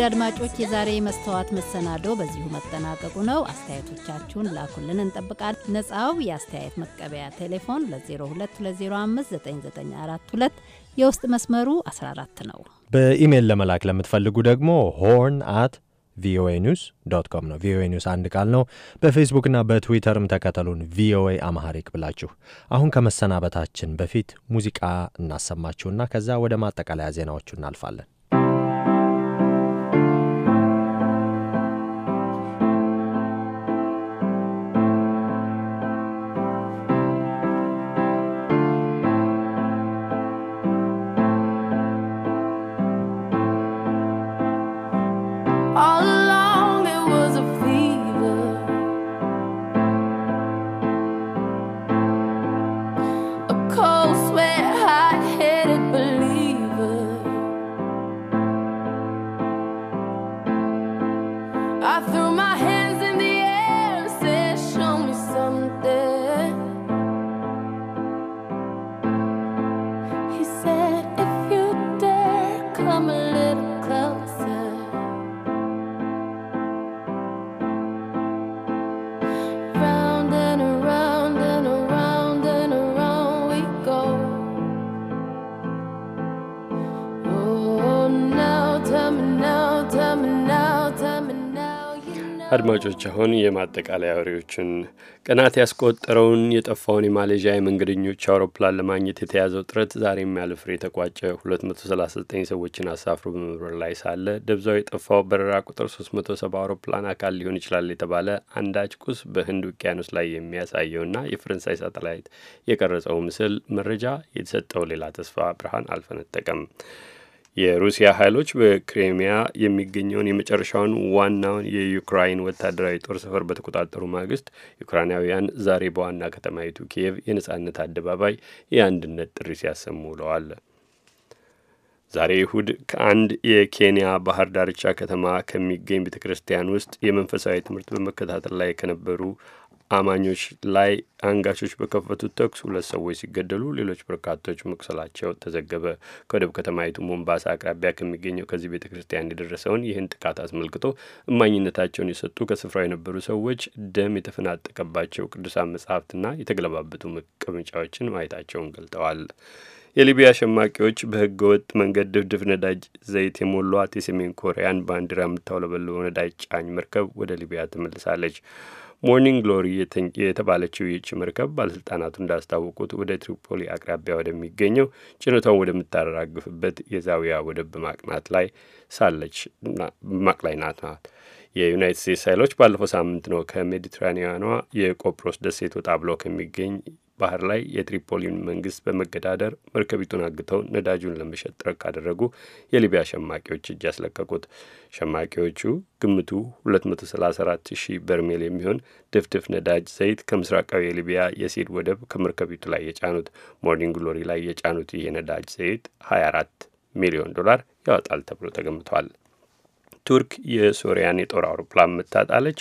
አድማጮች፣ የዛሬ መስተዋት መሰናዶ በዚሁ መጠናቀቁ ነው። አስተያየቶቻችሁን ላኩልን እንጠብቃል። ነጻው የአስተያየት መቀበያ ቴሌፎን ለ 9942 የውስጥ መስመሩ 14 ነው። በኢሜይል ለመላክ ለምትፈልጉ ደግሞ ሆርን አት ቪኦኤ ኒውስ ዶት ኮም ነው። ቪኦኤ ኒውስ አንድ ቃል ነው። በፌስቡክና በትዊተርም ተከተሉን ቪኦኤ አማሐሪክ ብላችሁ። አሁን ከመሰናበታችን በፊት ሙዚቃ እናሰማችሁና ከዛ ወደ ማጠቃለያ ዜናዎቹ እናልፋለን። little closer. አድማጮች አሁን የማጠቃለያ ወሬዎችን ቀናት ያስቆጠረውን የጠፋውን የማሌዥያ የመንገደኞች አውሮፕላን ለማግኘት የተያዘው ጥረት ዛሬም ያለ ፍሬ የተቋጨ 239 ሰዎችን አሳፍሮ በመብረር ላይ ሳለ ደብዛው የጠፋው በረራ ቁጥር 370 አውሮፕላን አካል ሊሆን ይችላል የተባለ አንዳች ቁስ በህንድ ውቅያኖስ ላይ የሚያሳየውና የፈረንሳይ ሳተላይት የቀረጸው ምስል መረጃ የተሰጠው ሌላ ተስፋ ብርሃን አልፈነጠቀም። የሩሲያ ኃይሎች በክሬሚያ የሚገኘውን የመጨረሻውን ዋናውን የዩክራይን ወታደራዊ ጦር ሰፈር በተቆጣጠሩ ማግስት ዩክራይናውያን ዛሬ በዋና ከተማይቱ ኪየቭ የነጻነት አደባባይ የአንድነት ጥሪ ሲያሰሙ ውለዋል። ዛሬ ይሁድ ከአንድ የኬንያ ባህር ዳርቻ ከተማ ከሚገኝ ቤተ ክርስቲያን ውስጥ የመንፈሳዊ ትምህርት በመከታተል ላይ ከነበሩ አማኞች ላይ አንጋቾች በከፈቱት ተኩስ ሁለት ሰዎች ሲገደሉ ሌሎች በርካቶች መቁሰላቸው ተዘገበ። ከወደብ ከተማይቱ ሞምባሳ አቅራቢያ ከሚገኘው ከዚህ ቤተ ክርስቲያን የደረሰውን ይህን ጥቃት አስመልክቶ እማኝነታቸውን የሰጡ ከስፍራው የነበሩ ሰዎች ደም የተፈናጠቀባቸው ቅዱሳን መጻሕፍትና የተገለባበጡ መቀመጫዎችን ማየታቸውን ገልጠዋል። የሊቢያ ሸማቂዎች በህገ ወጥ መንገድ ድፍድፍ ነዳጅ ዘይት የሞሏት የሰሜን ኮሪያን ባንዲራ የምታውለበልበው ነዳጅ ጫኝ መርከብ ወደ ሊቢያ ትመልሳለች። ሞርኒንግ ግሎሪ የተባለችው ይህች መርከብ ባለሥልጣናቱ እንዳስታወቁት ወደ ትሪፖሊ አቅራቢያ ወደሚገኘው ጭነቷን ወደምታራግፍበት የዛዊያ ወደብ ማቅናት ላይ ሳለች ማቅ ላይ ናት። የዩናይትድ ስቴትስ ኃይሎች ባለፈው ሳምንት ነው ከሜዲትራኒያኗ የቆጵሮስ ደሴት ወጣ ብሎ ከሚገኝ ባህር ላይ የትሪፖሊን መንግስት በመገዳደር መርከቢቱን አግተው ነዳጁን ለመሸጥ ጥረት ካደረጉ የሊቢያ ሸማቂዎች እጅ ያስለቀቁት። ሸማቂዎቹ ግምቱ 234 በርሜል የሚሆን ድፍድፍ ነዳጅ ዘይት ከምስራቃዊ የሊቢያ የሴድ ወደብ ከመርከቢቱ ላይ የጫኑት ሞርኒንግ ግሎሪ ላይ የጫኑት ይህ ነዳጅ ዘይት 24 ሚሊዮን ዶላር ያወጣል ተብሎ ተገምቷል። ቱርክ የሶሪያን የጦር አውሮፕላን መታጣለች።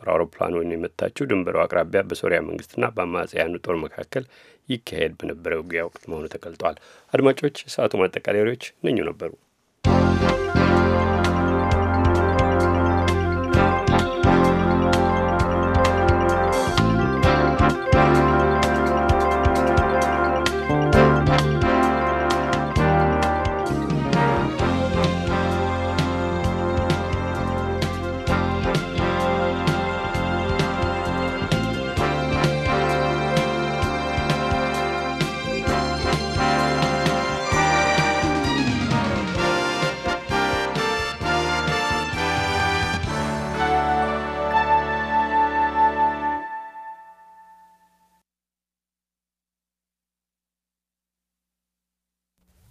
ጦር አውሮፕላን ወይም የመታችው ድንበሩ አቅራቢያ በሶሪያ መንግስትና በአማጽያኑ ጦር መካከል ይካሄድ በነበረ ውጊያ ወቅት መሆኑ ተገልጧል። አድማጮች፣ የሰዓቱ ማጠቃለያዎች እነኙ ነበሩ።